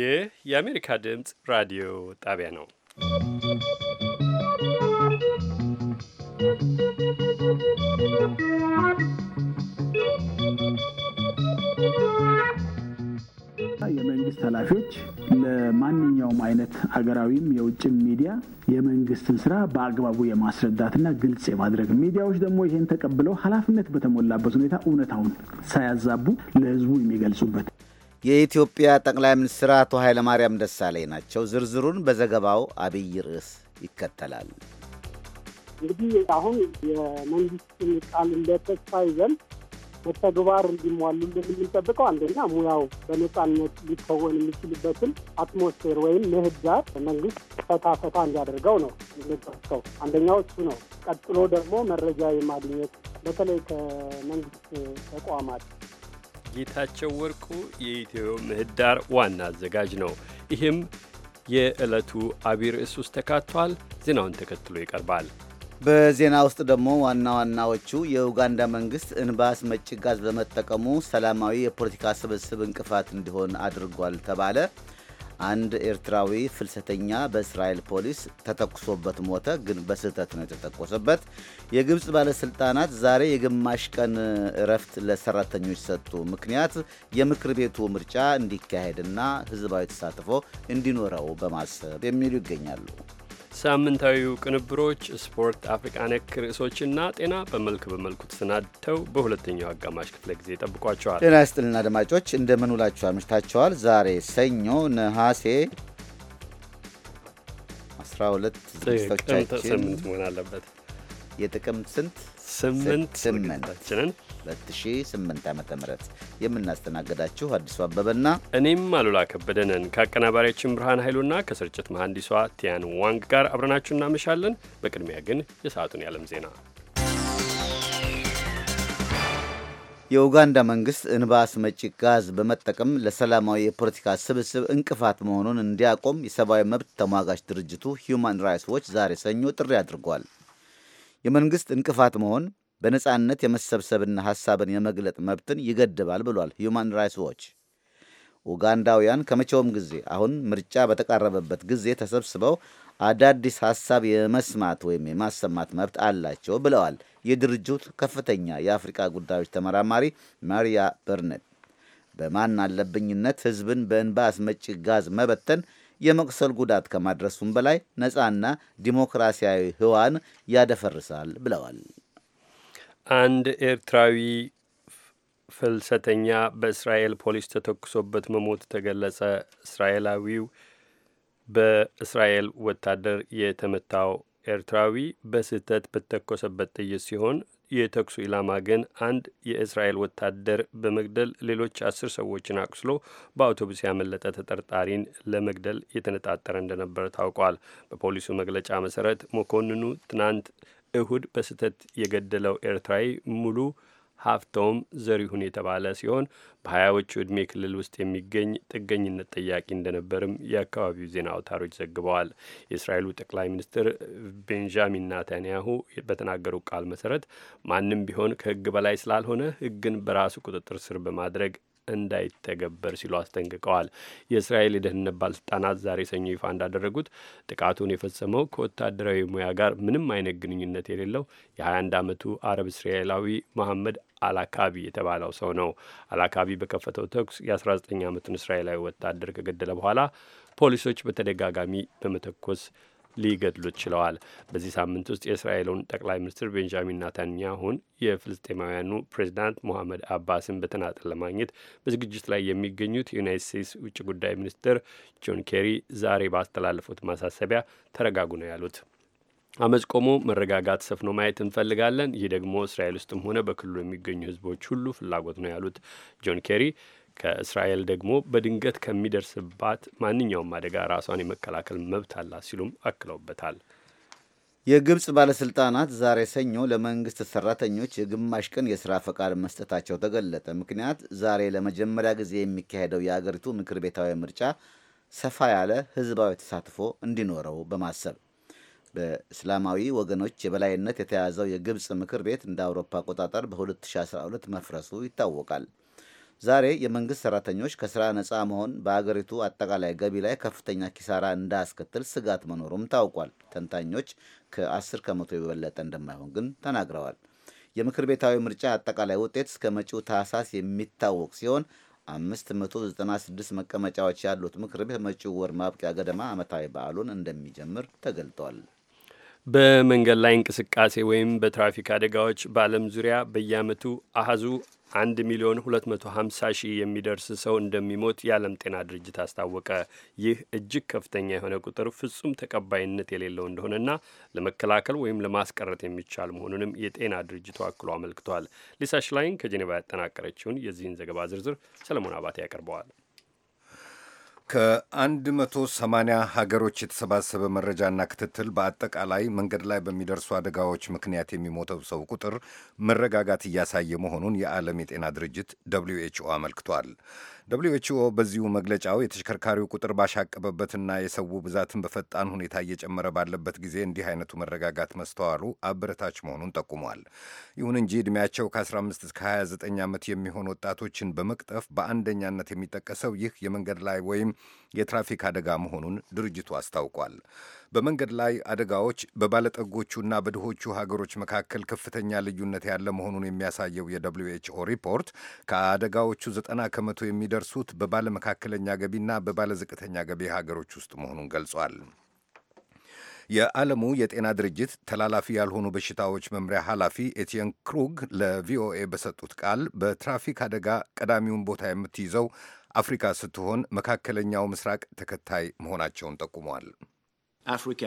ይህ የአሜሪካ ድምፅ ራዲዮ ጣቢያ ነው። የመንግስት ኃላፊዎች ለማንኛውም አይነት አገራዊም የውጭም ሚዲያ የመንግስትን ስራ በአግባቡ የማስረዳትና ግልጽ የማድረግ ሚዲያዎች ደግሞ ይህን ተቀብለው ኃላፊነት በተሞላበት ሁኔታ እውነታውን ሳያዛቡ ለህዝቡ የሚገልጹበት የኢትዮጵያ ጠቅላይ ሚኒስትር አቶ ኃይለማርያም ደሳለኝ ናቸው። ዝርዝሩን በዘገባው አብይ ርዕስ ይከተላል። እንግዲህ አሁን የመንግስትን ቃል እንደ ተስፋ ይዘን በተግባር እንዲሟሉ የምንጠብቀው አንደኛ ሙያው በነጻነት ሊከወን የሚችልበትን አትሞስፌር ወይም ምህዳር መንግስት ፈታ ፈታ እንዲያደርገው ነው የሚጠብቀው። አንደኛው እሱ ነው። ቀጥሎ ደግሞ መረጃ የማግኘት በተለይ ከመንግስት ተቋማት ጌታቸው ወርቁ የኢትዮ ምህዳር ዋና አዘጋጅ ነው። ይህም የዕለቱ አቢይ ርዕስ ውስጥ ተካቷል። ዜናውን ተከትሎ ይቀርባል። በዜና ውስጥ ደግሞ ዋና ዋናዎቹ የኡጋንዳ መንግስት እንባስ መጭጋዝ ጋዝ በመጠቀሙ ሰላማዊ የፖለቲካ ስብስብ እንቅፋት እንዲሆን አድርጓል ተባለ። አንድ ኤርትራዊ ፍልሰተኛ በእስራኤል ፖሊስ ተተኩሶበት ሞተ፣ ግን በስህተት ነው የተተኮሰበት። የግብፅ ባለስልጣናት ዛሬ የግማሽ ቀን እረፍት ለሰራተኞች ሰጡ። ምክንያት የምክር ቤቱ ምርጫ እንዲካሄድና ህዝባዊ ተሳትፎ እንዲኖረው በማሰብ የሚሉ ይገኛሉ። ሳምንታዊ ቅንብሮች ስፖርት፣ አፍሪቃ ነክ ርዕሶችና ጤና በመልክ በመልኩ ተሰናድተው በሁለተኛው አጋማሽ ክፍለ ጊዜ ጠብቋቸዋል። ጤና ይስጥልን አድማጮች፣ እንደምን ውላችሁ አምሽታቸዋል። ዛሬ ሰኞ ነሐሴ 12 ዝግጅቶቻችን መሆን አለበት የጥቅምት ስንት ስምንት ዝግጅታችንን 2008 ዓ ም የምናስተናግዳችሁ አዲሱ አበበና እኔም አሉላ ከበደነን ከአቀናባሪያችን ብርሃን ኃይሉና ከስርጭት መሐንዲሷ ቲያን ዋንግ ጋር አብረናችሁ እናመሻለን። በቅድሚያ ግን የሰዓቱን የዓለም ዜና። የኡጋንዳ መንግሥት እንባ አስመጪ ጋዝ በመጠቀም ለሰላማዊ የፖለቲካ ስብስብ እንቅፋት መሆኑን እንዲያቆም የሰብአዊ መብት ተሟጋች ድርጅቱ ሂዩማን ራይትስ ዎች ዛሬ ሰኞ ጥሪ አድርጓል። የመንግሥት እንቅፋት መሆን በነጻነት የመሰብሰብና ሐሳብን የመግለጥ መብትን ይገድባል ብሏል ሂዩማን ራይትስ ዎች። ኡጋንዳውያን ከመቼውም ጊዜ አሁን ምርጫ በተቃረበበት ጊዜ ተሰብስበው አዳዲስ ሐሳብ የመስማት ወይም የማሰማት መብት አላቸው ብለዋል የድርጅቱ ከፍተኛ የአፍሪካ ጉዳዮች ተመራማሪ ማሪያ በርነት። በማን አለብኝነት ህዝብን በእንባ አስመጪ ጋዝ መበተን የመቁሰል ጉዳት ከማድረሱም በላይ ነፃና ዲሞክራሲያዊ ህዋን ያደፈርሳል ብለዋል። አንድ ኤርትራዊ ፍልሰተኛ በእስራኤል ፖሊስ ተተኩሶበት መሞት ተገለጸ። እስራኤላዊው በእስራኤል ወታደር የተመታው ኤርትራዊ በስህተት በተኮሰበት ጥይት ሲሆን የተኩሱ ኢላማ ግን አንድ የእስራኤል ወታደር በመግደል ሌሎች አስር ሰዎችን አቁስሎ በአውቶቡስ ያመለጠ ተጠርጣሪን ለመግደል የተነጣጠረ እንደነበረ ታውቋል። በፖሊሱ መግለጫ መሰረት መኮንኑ ትናንት እሁድ በስህተት የገደለው ኤርትራዊ ሙሉ ሀብቶም ዘሪሁን የተባለ ሲሆን በሀያዎቹ ዕድሜ ክልል ውስጥ የሚገኝ ጥገኝነት ጠያቂ እንደነበርም የአካባቢው ዜና አውታሮች ዘግበዋል። የእስራኤሉ ጠቅላይ ሚኒስትር ቤንጃሚን ናታንያሁ በተናገሩ ቃል መሰረት ማንም ቢሆን ከሕግ በላይ ስላልሆነ ሕግን በራሱ ቁጥጥር ስር በማድረግ እንዳይተገበር ሲሉ አስጠንቅቀዋል። የእስራኤል የደህንነት ባለስልጣናት ዛሬ ሰኞ ይፋ እንዳደረጉት ጥቃቱን የፈጸመው ከወታደራዊ ሙያ ጋር ምንም አይነት ግንኙነት የሌለው የ21 ዓመቱ አረብ እስራኤላዊ መሐመድ አላካቢ የተባለው ሰው ነው። አላካቢ በከፈተው ተኩስ የ19 ዓመቱን እስራኤላዊ ወታደር ከገደለ በኋላ ፖሊሶች በተደጋጋሚ በመተኮስ ሊገድሉት ችለዋል። በዚህ ሳምንት ውስጥ የእስራኤሉን ጠቅላይ ሚኒስትር ቤንጃሚን ናታንያሁን የፍልስጤማውያኑ ፕሬዚዳንት ሞሐመድ አባስን በተናጠል ለማግኘት በዝግጅት ላይ የሚገኙት የዩናይት ስቴትስ ውጭ ጉዳይ ሚኒስትር ጆን ኬሪ ዛሬ ባስተላለፉት ማሳሰቢያ ተረጋጉ ነው ያሉት። አመፅ ቆሞ መረጋጋት ሰፍኖ ማየት እንፈልጋለን። ይህ ደግሞ እስራኤል ውስጥም ሆነ በክልሉ የሚገኙ ህዝቦች ሁሉ ፍላጎት ነው ያሉት ጆን ኬሪ ከእስራኤል ደግሞ በድንገት ከሚደርስባት ማንኛውም አደጋ ራሷን የመከላከል መብት አላት ሲሉም አክለውበታል። የግብፅ ባለሥልጣናት ዛሬ ሰኞ ለመንግሥት ሠራተኞች የግማሽ ቀን የሥራ ፈቃድ መስጠታቸው ተገለጠ። ምክንያት ዛሬ ለመጀመሪያ ጊዜ የሚካሄደው የአገሪቱ ምክር ቤታዊ ምርጫ ሰፋ ያለ ሕዝባዊ ተሳትፎ እንዲኖረው በማሰብ በእስላማዊ ወገኖች የበላይነት የተያዘው የግብፅ ምክር ቤት እንደ አውሮፓ አቆጣጠር በ2012 መፍረሱ ይታወቃል። ዛሬ የመንግስት ሰራተኞች ከስራ ነፃ መሆን በአገሪቱ አጠቃላይ ገቢ ላይ ከፍተኛ ኪሳራ እንዳያስከትል ስጋት መኖሩም ታውቋል። ተንታኞች ከ10 ከመቶ የበለጠ እንደማይሆን ግን ተናግረዋል። የምክር ቤታዊ ምርጫ አጠቃላይ ውጤት እስከ መጪው ታህሳስ የሚታወቅ ሲሆን 596 መቀመጫዎች ያሉት ምክር ቤት መጪው ወር ማብቂያ ገደማ ዓመታዊ በዓሉን እንደሚጀምር ተገልጧል። በመንገድ ላይ እንቅስቃሴ ወይም በትራፊክ አደጋዎች በዓለም ዙሪያ በየዓመቱ አሃዙ አንድ ሚሊዮን 250 ሺህ የሚደርስ ሰው እንደሚሞት የዓለም ጤና ድርጅት አስታወቀ። ይህ እጅግ ከፍተኛ የሆነ ቁጥር ፍጹም ተቀባይነት የሌለው እንደሆነና ለመከላከል ወይም ለማስቀረት የሚቻል መሆኑንም የጤና ድርጅቱ አክሎ አመልክቷል። ሊሳ ሽላይን ከጄኔቫ ያጠናቀረችውን የዚህን ዘገባ ዝርዝር ሰለሞን አባቴ ያቀርበዋል። ከ180 ሀገሮች የተሰባሰበ መረጃና ክትትል በአጠቃላይ መንገድ ላይ በሚደርሱ አደጋዎች ምክንያት የሚሞተው ሰው ቁጥር መረጋጋት እያሳየ መሆኑን የዓለም የጤና ድርጅት ደብሊዩ ኤችኦ አመልክቷል። ደብሊው ኤች ኦ በዚሁ መግለጫው የተሽከርካሪው ቁጥር ባሻቀበበትና የሰው ብዛትን በፈጣን ሁኔታ እየጨመረ ባለበት ጊዜ እንዲህ አይነቱ መረጋጋት መስተዋሉ አበረታች መሆኑን ጠቁሟል። ይሁን እንጂ ዕድሜያቸው ከ15 እስከ 29 ዓመት የሚሆን ወጣቶችን በመቅጠፍ በአንደኛነት የሚጠቀሰው ይህ የመንገድ ላይ ወይም የትራፊክ አደጋ መሆኑን ድርጅቱ አስታውቋል። በመንገድ ላይ አደጋዎች በባለጠጎቹና በድሆቹ ሀገሮች መካከል ከፍተኛ ልዩነት ያለ መሆኑን የሚያሳየው የደብሊዩ ኤችኦ ሪፖርት ከአደጋዎቹ ዘጠና ከመቶ የሚደርሱት በባለ መካከለኛ ገቢና በባለዝቅተኛ ገቢ ሀገሮች ውስጥ መሆኑን ገልጿል። የዓለሙ የጤና ድርጅት ተላላፊ ያልሆኑ በሽታዎች መምሪያ ኃላፊ ኤቲየን ክሩግ ለቪኦኤ በሰጡት ቃል በትራፊክ አደጋ ቀዳሚውን ቦታ የምትይዘው አፍሪካ ስትሆን መካከለኛው ምስራቅ ተከታይ መሆናቸውን ጠቁመዋል። አፍሪቃ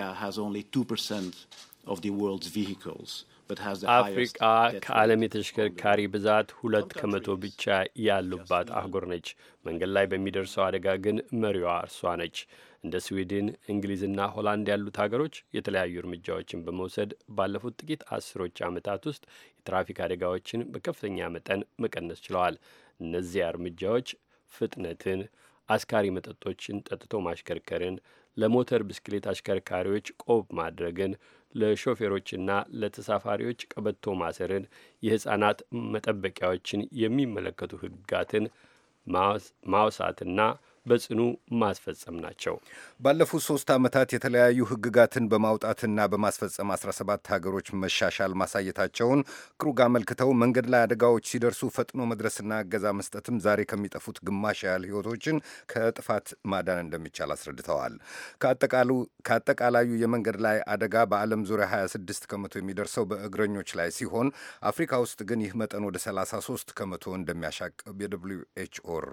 ከዓለም የተሽከርካሪ ብዛት ሁለት ከመቶ ብቻ ያሉባት አህጉር ነች። መንገድ ላይ በሚደርሰው አደጋ ግን መሪዋ እርሷ ነች። እንደ ስዊድን፣ እንግሊዝና ሆላንድ ያሉት ሀገሮች የተለያዩ እርምጃዎችን በመውሰድ ባለፉት ጥቂት አስሮች ዓመታት ውስጥ የትራፊክ አደጋዎችን በከፍተኛ መጠን መቀነስ ችለዋል። እነዚያ እርምጃዎች ፍጥነትን፣ አስካሪ መጠጦችን ጠጥቶ ማሽከርከርን ለሞተር ብስክሌት አሽከርካሪዎች ቆብ ማድረግን፣ ለሾፌሮችና ለተሳፋሪዎች ቀበቶ ማሰርን፣ የሕፃናት መጠበቂያዎችን የሚመለከቱ ሕግጋትን ማውሳትና በጽኑ ማስፈጸም ናቸው። ባለፉት ሶስት ዓመታት የተለያዩ ህግጋትን በማውጣትና በማስፈጸም 17 ሀገሮች መሻሻል ማሳየታቸውን ክሩግ አመልክተው መንገድ ላይ አደጋዎች ሲደርሱ ፈጥኖ መድረስና እገዛ መስጠትም ዛሬ ከሚጠፉት ግማሽ ያህል ህይወቶችን ከጥፋት ማዳን እንደሚቻል አስረድተዋል። ከአጠቃላዩ የመንገድ ላይ አደጋ በዓለም ዙሪያ 26 ከመቶ የሚደርሰው በእግረኞች ላይ ሲሆን አፍሪካ ውስጥ ግን ይህ መጠን ወደ 33 ከመቶ እንደሚያሻቅብ የደብሊው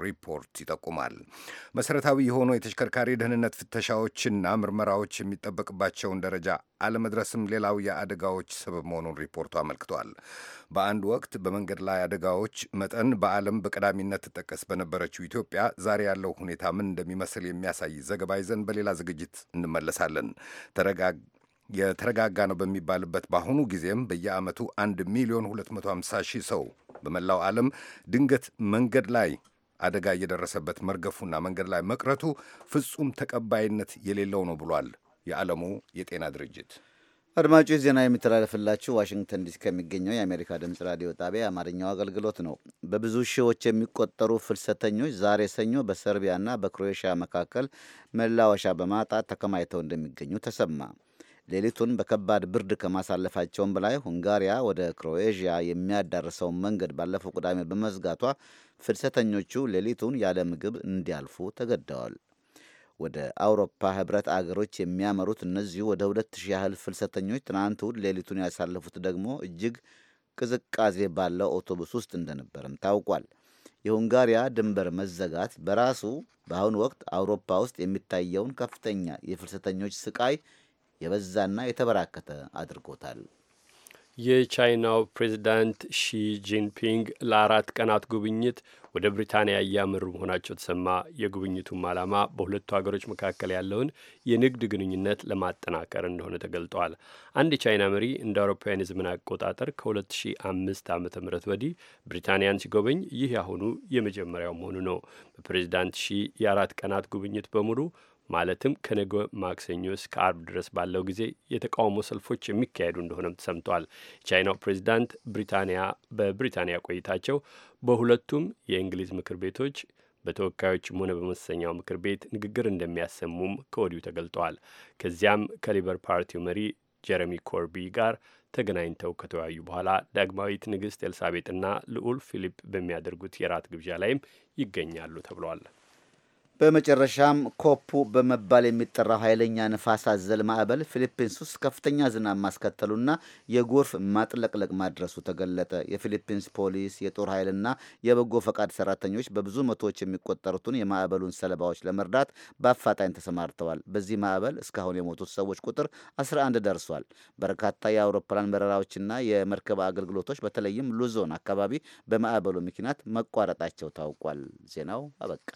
ሪፖርት ይጠቁማል። መሰረታዊ የሆኑ የተሽከርካሪ ደህንነት ፍተሻዎችና ምርመራዎች የሚጠበቅባቸውን ደረጃ አለመድረስም ሌላው የአደጋዎች ሰበብ መሆኑን ሪፖርቱ አመልክቷል። በአንድ ወቅት በመንገድ ላይ አደጋዎች መጠን በዓለም በቀዳሚነት ትጠቀስ በነበረችው ኢትዮጵያ ዛሬ ያለው ሁኔታ ምን እንደሚመስል የሚያሳይ ዘገባ ይዘን በሌላ ዝግጅት እንመለሳለን። የተረጋጋ ነው በሚባልበት በአሁኑ ጊዜም በየዓመቱ 1 ሚሊዮን 250 ሺህ ሰው በመላው ዓለም ድንገት መንገድ ላይ አደጋ እየደረሰበት መርገፉና መንገድ ላይ መቅረቱ ፍጹም ተቀባይነት የሌለው ነው ብሏል የዓለሙ የጤና ድርጅት። አድማጮች ዜና የሚተላለፍላችሁ ዋሽንግተን ዲሲ ከሚገኘው የአሜሪካ ድምፅ ራዲዮ ጣቢያ የአማርኛው አገልግሎት ነው። በብዙ ሺዎች የሚቆጠሩ ፍልሰተኞች ዛሬ ሰኞ በሰርቢያና በክሮኤሽያ መካከል መላወሻ በማጣት ተከማይተው እንደሚገኙ ተሰማ። ሌሊቱን በከባድ ብርድ ከማሳለፋቸውም በላይ ሁንጋሪያ ወደ ክሮኤዥያ የሚያዳርሰውን መንገድ ባለፈው ቅዳሜ በመዝጋቷ ፍልሰተኞቹ ሌሊቱን ያለ ምግብ እንዲያልፉ ተገደዋል። ወደ አውሮፓ ህብረት አገሮች የሚያመሩት እነዚሁ ወደ ሁለት ሺህ ያህል ፍልሰተኞች ትናንት እሁድ ሌሊቱን ያሳለፉት ደግሞ እጅግ ቅዝቃዜ ባለው አውቶቡስ ውስጥ እንደነበርም ታውቋል። የሁንጋሪያ ድንበር መዘጋት በራሱ በአሁኑ ወቅት አውሮፓ ውስጥ የሚታየውን ከፍተኛ የፍልሰተኞች ስቃይ የበዛና የተበራከተ አድርጎታል። የቻይናው ፕሬዚዳንት ሺ ጂንፒንግ ለአራት ቀናት ጉብኝት ወደ ብሪታንያ እያመሩ መሆናቸው ተሰማ። የጉብኝቱም ዓላማ በሁለቱ ሀገሮች መካከል ያለውን የንግድ ግንኙነት ለማጠናከር እንደሆነ ተገልጧል። አንድ የቻይና መሪ እንደ አውሮፓውያን የዘመን አቆጣጠር ከ2005 ዓ ም ወዲህ ብሪታንያን ሲጎበኝ ይህ ያሁኑ የመጀመሪያው መሆኑ ነው። በፕሬዚዳንት ሺ የአራት ቀናት ጉብኝት በሙሉ ማለትም ከነገ ማክሰኞ እስከ አርብ ድረስ ባለው ጊዜ የተቃውሞ ሰልፎች የሚካሄዱ እንደሆነም ተሰምቷል። የቻይናው ፕሬዚዳንት ብሪታንያ በብሪታንያ ቆይታቸው በሁለቱም የእንግሊዝ ምክር ቤቶች በተወካዮችም ሆነ በመሰኛው ምክር ቤት ንግግር እንደሚያሰሙም ከወዲሁ ተገልጠዋል። ከዚያም ከሊበር ፓርቲው መሪ ጀረሚ ኮርቢ ጋር ተገናኝተው ከተወያዩ በኋላ ዳግማዊት ንግሥት ኤልሳቤጥና ልዑል ፊሊፕ በሚያደርጉት የራት ግብዣ ላይም ይገኛሉ ተብሏል። በመጨረሻም ኮፑ በመባል የሚጠራው ኃይለኛ ንፋስ አዘል ማዕበል ፊሊፒንስ ውስጥ ከፍተኛ ዝናብ ማስከተሉና የጎርፍ ማጥለቅለቅ ማድረሱ ተገለጠ። የፊሊፒንስ ፖሊስ፣ የጦር ኃይልና የበጎ ፈቃድ ሰራተኞች በብዙ መቶዎች የሚቆጠሩትን የማዕበሉን ሰለባዎች ለመርዳት በአፋጣኝ ተሰማርተዋል። በዚህ ማዕበል እስካሁን የሞቱት ሰዎች ቁጥር 11 ደርሷል። በርካታ የአውሮፕላን በረራዎችና የመርከብ አገልግሎቶች በተለይም ሉዞን አካባቢ በማዕበሉ ምክንያት መቋረጣቸው ታውቋል። ዜናው አበቃ።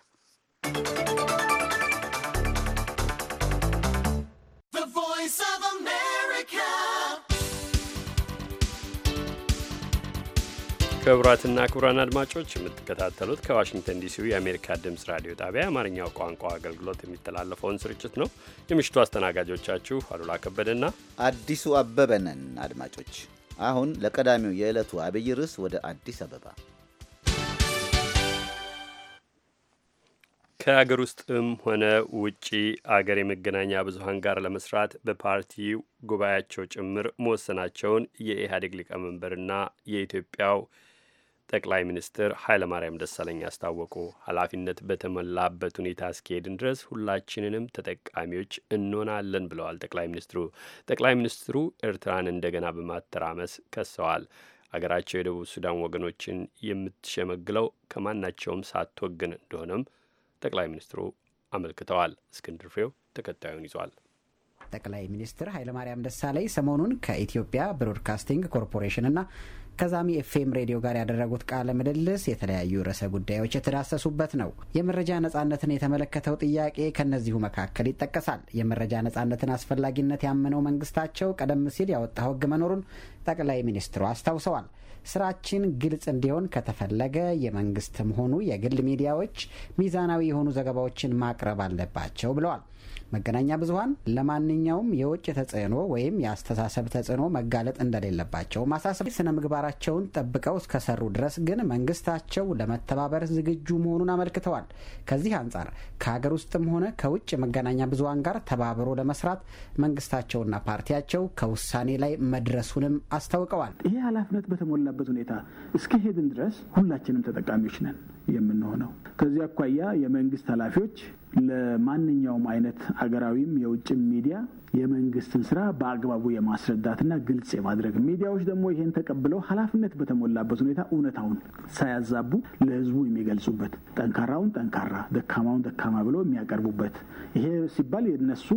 ክቡራትና ክቡራን አድማጮች የምትከታተሉት ከዋሽንግተን ዲሲው የአሜሪካ ድምፅ ራዲዮ ጣቢያ የአማርኛው ቋንቋ አገልግሎት የሚተላለፈውን ስርጭት ነው። የምሽቱ አስተናጋጆቻችሁ አሉላ ከበደና አዲሱ አበበ ነን። አድማጮች አሁን ለቀዳሚው የዕለቱ አብይ ርዕስ ወደ አዲስ አበባ ከሀገር ውስጥም ሆነ ውጪ አገር የመገናኛ ብዙኃን ጋር ለመስራት በፓርቲ ጉባኤያቸው ጭምር መወሰናቸውን የኢህአዴግ ሊቀመንበርና የኢትዮጵያው ጠቅላይ ሚኒስትር ኃይለማርያም ደሳለኝ አስታወቁ። ኃላፊነት በተሞላበት ሁኔታ እስኪሄድን ድረስ ሁላችንንም ተጠቃሚዎች እንሆናለን ብለዋል ጠቅላይ ሚኒስትሩ። ጠቅላይ ሚኒስትሩ ኤርትራን እንደገና በማተራመስ ከሰዋል። አገራቸው የደቡብ ሱዳን ወገኖችን የምትሸመግለው ከማናቸውም ሳትወግን እንደሆነም ጠቅላይ ሚኒስትሩ አመልክተዋል። እስክንድር ፍሬው ተከታዩን ይዟል። ጠቅላይ ሚኒስትር ኃይለማርያም ደሳለኝ ሰሞኑን ከኢትዮጵያ ብሮድካስቲንግ ኮርፖሬሽን እና ከዛሚ ኤፍኤም ሬዲዮ ጋር ያደረጉት ቃለ ምልልስ የተለያዩ ርዕሰ ጉዳዮች የተዳሰሱበት ነው። የመረጃ ነጻነትን የተመለከተው ጥያቄ ከእነዚሁ መካከል ይጠቀሳል። የመረጃ ነጻነትን አስፈላጊነት ያመነው መንግስታቸው ቀደም ሲል ያወጣው ህግ መኖሩን ጠቅላይ ሚኒስትሩ አስታውሰዋል። ስራችን ግልጽ እንዲሆን ከተፈለገ የመንግስትም ሆኑ የግል ሚዲያዎች ሚዛናዊ የሆኑ ዘገባዎችን ማቅረብ አለባቸው ብለዋል። መገናኛ ብዙሀን ለማንኛውም የውጭ ተጽዕኖ ወይም የአስተሳሰብ ተጽዕኖ መጋለጥ እንደሌለባቸው ማሳሰብ፣ ስነ ምግባራቸውን ጠብቀው እስከሰሩ ድረስ ግን መንግስታቸው ለመተባበር ዝግጁ መሆኑን አመልክተዋል። ከዚህ አንጻር ከሀገር ውስጥም ሆነ ከውጭ መገናኛ ብዙሀን ጋር ተባብሮ ለመስራት መንግስታቸውና ፓርቲያቸው ከውሳኔ ላይ መድረሱንም አስታውቀዋል። ይሄ ኃላፊነት በተሞላበት ሁኔታ እስከሄድን ድረስ ሁላችንም ተጠቃሚዎች ነን የምንሆነው። ከዚህ አኳያ የመንግስት ኃላፊዎች ለማንኛውም አይነት አገራዊም የውጭም ሚዲያ የመንግስትን ስራ በአግባቡ የማስረዳትና ግልጽ የማድረግ ሚዲያዎች ደግሞ ይሄን ተቀብለው ኃላፊነት በተሞላበት ሁኔታ እውነታውን ሳያዛቡ ለህዝቡ የሚገልጹበት ጠንካራውን ጠንካራ ደካማውን ደካማ ብለው የሚያቀርቡበት ይሄ ሲባል የነሱ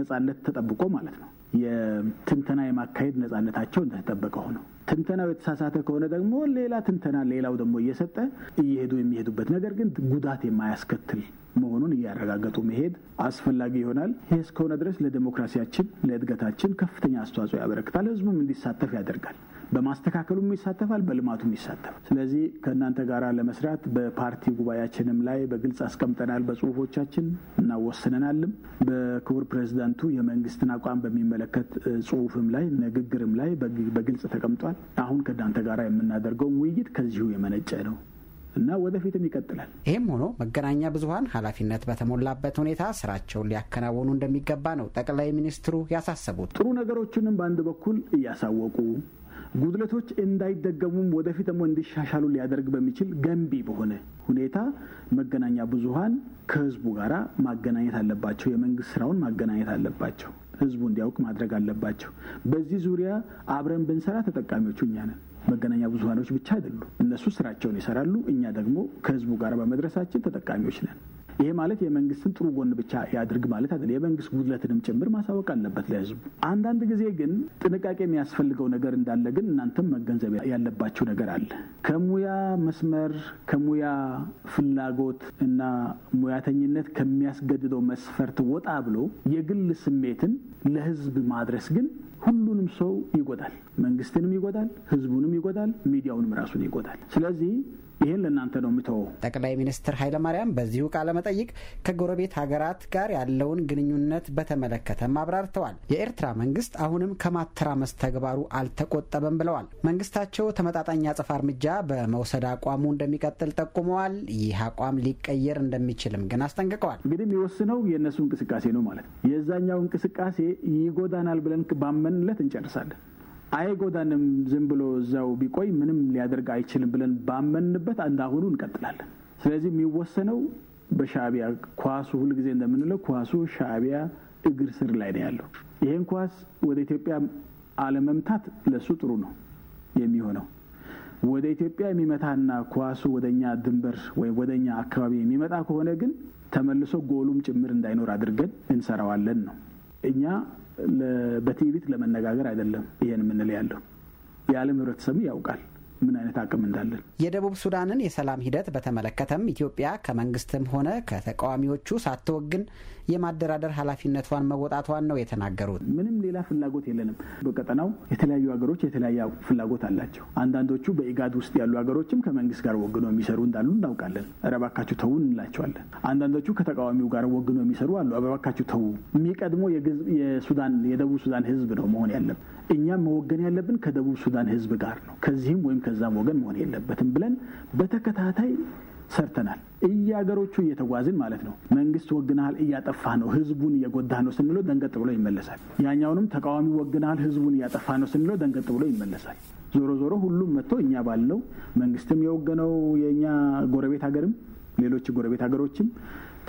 ነጻነት ተጠብቆ ማለት ነው። የትንተና የማካሄድ ነጻነታቸው እንደተጠበቀ ሆነው ትንተናው የተሳሳተ ከሆነ ደግሞ ሌላ ትንተና ሌላው ደግሞ እየሰጠ እየሄዱ የሚሄዱበት ነገር ግን ጉዳት የማያስከትል መሆኑን እያረ እያረጋገጡ መሄድ አስፈላጊ ይሆናል። ይህ እስከሆነ ድረስ ለዴሞክራሲያችን፣ ለእድገታችን ከፍተኛ አስተዋጽኦ ያበረክታል። ህዝቡም እንዲሳተፍ ያደርጋል። በማስተካከሉም ይሳተፋል፣ በልማቱም ይሳተፋል። ስለዚህ ከእናንተ ጋር ለመስራት በፓርቲ ጉባኤያችንም ላይ በግልጽ አስቀምጠናል፣ በጽሁፎቻችን እናወስነናልም። በክቡር ፕሬዚዳንቱ የመንግስትን አቋም በሚመለከት ጽሁፍም ላይ ንግግርም ላይ በግልጽ ተቀምጧል። አሁን ከእናንተ ጋር የምናደርገውም ውይይት ከዚሁ የመነጨ ነው። እና ወደፊትም ይቀጥላል። ይህም ሆኖ መገናኛ ብዙሀን ኃላፊነት በተሞላበት ሁኔታ ስራቸውን ሊያከናውኑ እንደሚገባ ነው ጠቅላይ ሚኒስትሩ ያሳሰቡት። ጥሩ ነገሮችንም በአንድ በኩል እያሳወቁ ጉድለቶች እንዳይደገሙም ወደፊት ደግሞ እንዲሻሻሉ ሊያደርግ በሚችል ገንቢ በሆነ ሁኔታ መገናኛ ብዙሀን ከህዝቡ ጋር ማገናኘት አለባቸው። የመንግስት ስራውን ማገናኘት አለባቸው። ህዝቡ እንዲያውቅ ማድረግ አለባቸው። በዚህ ዙሪያ አብረን ብንሰራ ተጠቃሚዎቹ እኛ ነን። መገናኛ ብዙሀኖች ብቻ አይደሉም። እነሱ ስራቸውን ይሰራሉ፣ እኛ ደግሞ ከህዝቡ ጋር በመድረሳችን ተጠቃሚዎች ነን። ይሄ ማለት የመንግስትን ጥሩ ጎን ብቻ ያድርግ ማለት አይደለም። የመንግስት ጉድለትንም ጭምር ማሳወቅ አለበት ለህዝቡ። አንዳንድ ጊዜ ግን ጥንቃቄ የሚያስፈልገው ነገር እንዳለ ግን እናንተም መገንዘብ ያለባችሁ ነገር አለ። ከሙያ መስመር ከሙያ ፍላጎት እና ሙያተኝነት ከሚያስገድደው መስፈርት ወጣ ብሎ የግል ስሜትን ለህዝብ ማድረስ ግን ሁሉንም ሰው ይጎዳል። መንግስትንም ይጎዳል፣ ህዝቡንም ይጎዳል፣ ሚዲያውንም ራሱን ይጎዳል። ስለዚህ ይህን ለእናንተ ነው የምተው። ጠቅላይ ሚኒስትር ኃይለማርያም በዚሁ ቃለ መጠይቅ ከጎረቤት ሀገራት ጋር ያለውን ግንኙነት በተመለከተም አብራርተዋል። የኤርትራ መንግስት አሁንም ከማተራመስ ተግባሩ አልተቆጠበም ብለዋል። መንግስታቸው ተመጣጣኝ አጸፋ እርምጃ በመውሰድ አቋሙ እንደሚቀጥል ጠቁመዋል። ይህ አቋም ሊቀየር እንደሚችልም ግን አስጠንቅቀዋል። እንግዲህ የሚወስነው የእነሱ እንቅስቃሴ ነው ማለት ነው። የዛኛው እንቅስቃሴ ይጎዳናል ብለን ባመንለት እንጨርሳለን። አይጎዳንም፣ ዝም ብሎ እዛው ቢቆይ ምንም ሊያደርግ አይችልም ብለን ባመንበት እንዳሁኑ እንቀጥላለን። ስለዚህ የሚወሰነው በሻቢያ ኳሱ፣ ሁልጊዜ እንደምንለው ኳሱ ሻቢያ እግር ስር ላይ ነው ያለው። ይህን ኳስ ወደ ኢትዮጵያ አለመምታት ለሱ ጥሩ ነው የሚሆነው። ወደ ኢትዮጵያ የሚመታና ኳሱ ወደኛ ድንበር ወይም ወደኛ አካባቢ የሚመጣ ከሆነ ግን ተመልሶ ጎሉም ጭምር እንዳይኖር አድርገን እንሰራዋለን ነው እኛ በትዕቢት ለመነጋገር አይደለም ይሄን የምንል ያለው የዓለም ህብረተሰብ ያውቃል ምን አይነት አቅም እንዳለን። የደቡብ ሱዳንን የሰላም ሂደት በተመለከተም ኢትዮጵያ ከመንግስትም ሆነ ከተቃዋሚዎቹ ሳትወግን የማደራደር ኃላፊነቷን መወጣቷን ነው የተናገሩት። ምንም ሌላ ፍላጎት የለንም። በቀጠናው የተለያዩ ሀገሮች የተለያየ ፍላጎት አላቸው። አንዳንዶቹ በኢጋድ ውስጥ ያሉ ሀገሮችም ከመንግስት ጋር ወግኖ የሚሰሩ እንዳሉ እናውቃለን። ረባካችሁ ተዉ እንላቸዋለን። አንዳንዶቹ ከተቃዋሚው ጋር ወግኖ የሚሰሩ አሉ። ረባካችሁ ተዉ። የሚቀድሞ የሱዳን የደቡብ ሱዳን ህዝብ ነው መሆን ያለብን። እኛም መወገን ያለብን ከደቡብ ሱዳን ህዝብ ጋር ነው። ከዚህም ወይም ከዛም ወገን መሆን የለበትም ብለን በተከታታይ ሰርተናል። እያገሮቹ እየተጓዝን ማለት ነው። መንግስት ወግናሃል፣ እያጠፋ ነው፣ ህዝቡን እየጎዳ ነው ስንለ ደንገጥ ብሎ ይመለሳል። ያኛውንም ተቃዋሚ ወግናሃል፣ ህዝቡን እያጠፋ ነው ስንለ ደንገጥ ብሎ ይመለሳል። ዞሮ ዞሮ ሁሉም መጥቶ እኛ ባልነው መንግስትም የወገነው የእኛ ጎረቤት ሀገርም ሌሎች ጎረቤት ሀገሮችም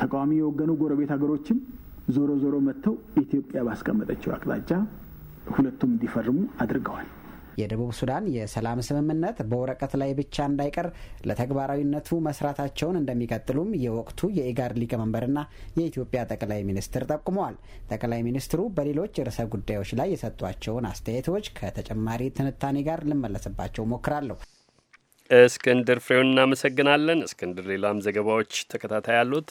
ተቃዋሚ የወገኑ ጎረቤት ሀገሮችም ዞሮ ዞሮ መጥተው ኢትዮጵያ ባስቀመጠችው አቅጣጫ ሁለቱም እንዲፈርሙ አድርገዋል። የደቡብ ሱዳን የሰላም ስምምነት በወረቀት ላይ ብቻ እንዳይቀር ለተግባራዊነቱ መስራታቸውን እንደሚቀጥሉም የወቅቱ የኢጋድ ሊቀመንበርና የኢትዮጵያ ጠቅላይ ሚኒስትር ጠቁመዋል። ጠቅላይ ሚኒስትሩ በሌሎች ርዕሰ ጉዳዮች ላይ የሰጧቸውን አስተያየቶች ከተጨማሪ ትንታኔ ጋር ልመለስባቸው ሞክራለሁ። እስክንድር ፍሬውን እናመሰግናለን። እስክንድር ሌላም ዘገባዎች ተከታታይ አሉት።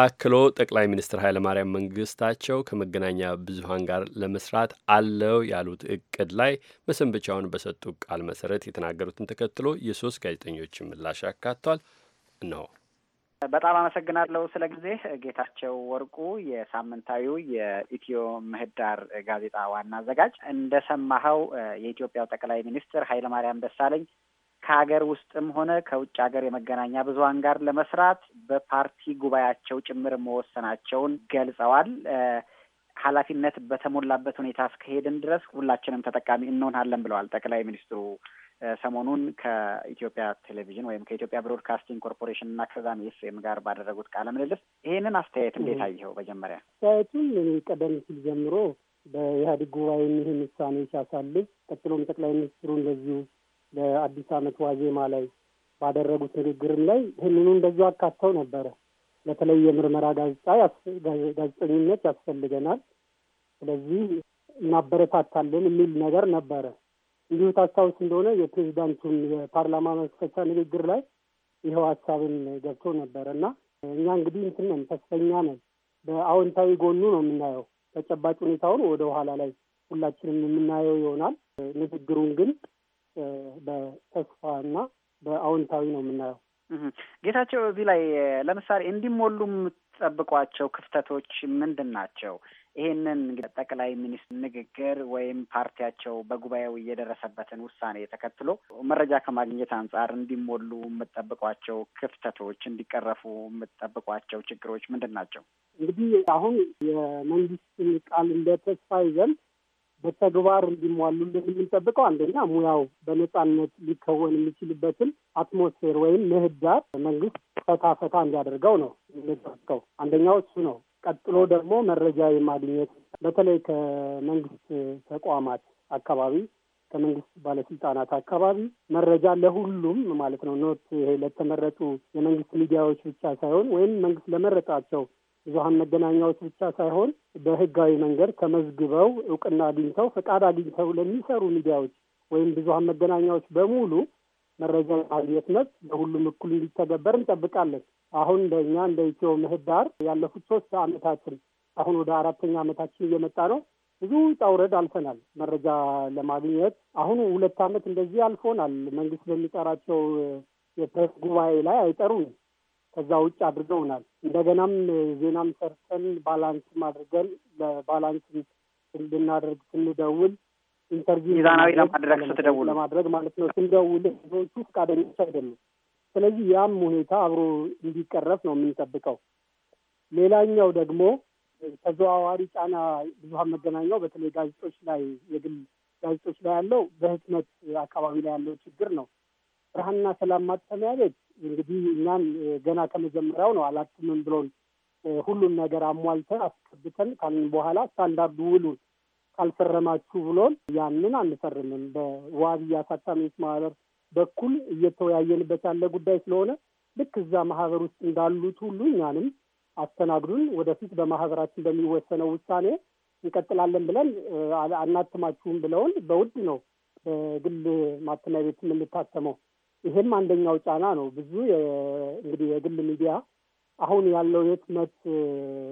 አክሎ ጠቅላይ ሚኒስትር ኃይለማርያም መንግስታቸው ከመገናኛ ብዙሀን ጋር ለመስራት አለው ያሉት እቅድ ላይ መሰንበቻውን በሰጡ ቃል መሰረት የተናገሩትን ተከትሎ የሶስት ጋዜጠኞችን ምላሽ አካቷል ነው። በጣም አመሰግናለሁ ስለ ጊዜ ጌታቸው ወርቁ የሳምንታዊው የኢትዮ ምህዳር ጋዜጣ ዋና አዘጋጅ። እንደሰማኸው የኢትዮጵያው ጠቅላይ ሚኒስትር ኃይለማርያም ደሳለኝ ከሀገር ውስጥም ሆነ ከውጭ ሀገር የመገናኛ ብዙሀን ጋር ለመስራት በፓርቲ ጉባኤያቸው ጭምር መወሰናቸውን ገልጸዋል። ኃላፊነት በተሞላበት ሁኔታ እስከሄድን ድረስ ሁላችንም ተጠቃሚ እንሆናለን ብለዋል ጠቅላይ ሚኒስትሩ። ሰሞኑን ከኢትዮጵያ ቴሌቪዥን ወይም ከኢትዮጵያ ብሮድካስቲንግ ኮርፖሬሽን እና ከዛም ኤፍኤም ጋር ባደረጉት ቃለ ምልልስ ይህንን አስተያየት እንዴት አየኸው? መጀመሪያ አስተያየቱን ቀደም ሲል ጀምሮ በኢህአዴግ ጉባኤ ይህን ውሳኔ ሲያሳልፍ፣ ቀጥሎም ጠቅላይ ሚኒስትሩ እንደዚሁ በአዲስ አመት ዋዜማ ላይ ባደረጉት ንግግርም ላይ ይህንኑ እንደዚሁ አካተው ነበረ። በተለይ የምርመራ ጋዜጣ ጋዜጠኝነት ያስፈልገናል፣ ስለዚህ እናበረታታለን የሚል ነገር ነበረ። እንዲሁ ታስታውስ እንደሆነ የፕሬዚዳንቱን የፓርላማ መክፈቻ ንግግር ላይ ይኸው ሀሳብን ገብቶ ነበረ እና እኛ እንግዲህ እንትን ነን፣ ተስፈኛ ነን። በአዎንታዊ ጎኑ ነው የምናየው። ተጨባጭ ሁኔታውን ወደ ኋላ ላይ ሁላችንም የምናየው ይሆናል። ንግግሩን ግን በተስፋና በአዎንታዊ ነው የምናየው። ጌታቸው፣ እዚህ ላይ ለምሳሌ እንዲሞሉ የምትጠብቋቸው ክፍተቶች ምንድን ናቸው? ይሄንን ጠቅላይ ሚኒስትር ንግግር ወይም ፓርቲያቸው በጉባኤው እየደረሰበትን ውሳኔ ተከትሎ መረጃ ከማግኘት አንጻር እንዲሞሉ የምጠብቋቸው ክፍተቶች፣ እንዲቀረፉ የምጠብቋቸው ችግሮች ምንድን ናቸው? እንግዲህ አሁን የመንግስትን ቃል እንደ ተስፋ ይዘን በተግባር እንዲሟሉልን የምንጠብቀው አንደኛ ሙያው በነፃነት ሊከወን የሚችልበትን አትሞስፌር ወይም ምህዳር መንግስት ፈታ ፈታ እንዲያደርገው ነው የምንጠብቀው። አንደኛው እሱ ነው። ቀጥሎ ደግሞ መረጃ የማግኘት በተለይ ከመንግስት ተቋማት አካባቢ ከመንግስት ባለስልጣናት አካባቢ መረጃ ለሁሉም ማለት ነው ኖት ይሄ ለተመረጡ የመንግስት ሚዲያዎች ብቻ ሳይሆን ወይም መንግስት ለመረጣቸው ብዙሀን መገናኛዎች ብቻ ሳይሆን በህጋዊ መንገድ ተመዝግበው እውቅና አግኝተው ፈቃድ አግኝተው ለሚሰሩ ሚዲያዎች ወይም ብዙሀን መገናኛዎች በሙሉ መረጃ ማግኘት መብት ለሁሉም እኩል እንዲተገበር እንጠብቃለን። አሁን እንደኛ እንደ ኢትዮ ምህዳር ያለፉት ሶስት አመታችን አሁን ወደ አራተኛ አመታችን እየመጣ ነው። ብዙ ጣውረድ አልፈናል። መረጃ ለማግኘት አሁን ሁለት አመት እንደዚህ አልፎናል። መንግስት በሚጠራቸው የፕሬስ ጉባኤ ላይ አይጠሩም። ከዛ ውጭ አድርገውናል። እንደገናም ዜናም ሰርተን ባላንስም አድርገን ለባላንስ እንድናደርግ ስንደውል ኢንተርቪው ሚዛናዊ ለማድረግ ስትደውሉ ለማድረግ ማለት ነው ስንደውል ብዙዎቹ ፈቃደኞች አይደሉም። ስለዚህ ያም ሁኔታ አብሮ እንዲቀረፍ ነው የምንጠብቀው። ሌላኛው ደግሞ ተዘዋዋሪ ጫና ብዙሀን መገናኛው በተለይ ጋዜጦች ላይ የግል ጋዜጦች ላይ ያለው በህትመት አካባቢ ላይ ያለው ችግር ነው። ብርሃንና ሰላም ማተሚያ ቤት እንግዲህ እኛን ገና ከመጀመሪያው ነው አላትምም ብሎን ሁሉን ነገር አሟልተን አስቀብተን ካልን በኋላ ስታንዳርዱ ውሉን ካልፈረማችሁ ብሎን ያንን አንፈርምም። በዋቢ አሳታሚዎች ማህበር በኩል እየተወያየንበት ያለ ጉዳይ ስለሆነ ልክ እዛ ማህበር ውስጥ እንዳሉት ሁሉ እኛንም አስተናግዱን፣ ወደፊት በማህበራችን በሚወሰነው ውሳኔ እንቀጥላለን ብለን አናትማችሁም ብለውን በውድ ነው በግል ማተሚያ ቤት የምንታተመው። ይሄም አንደኛው ጫና ነው። ብዙ እንግዲህ የግል ሚዲያ አሁን ያለው የህትመት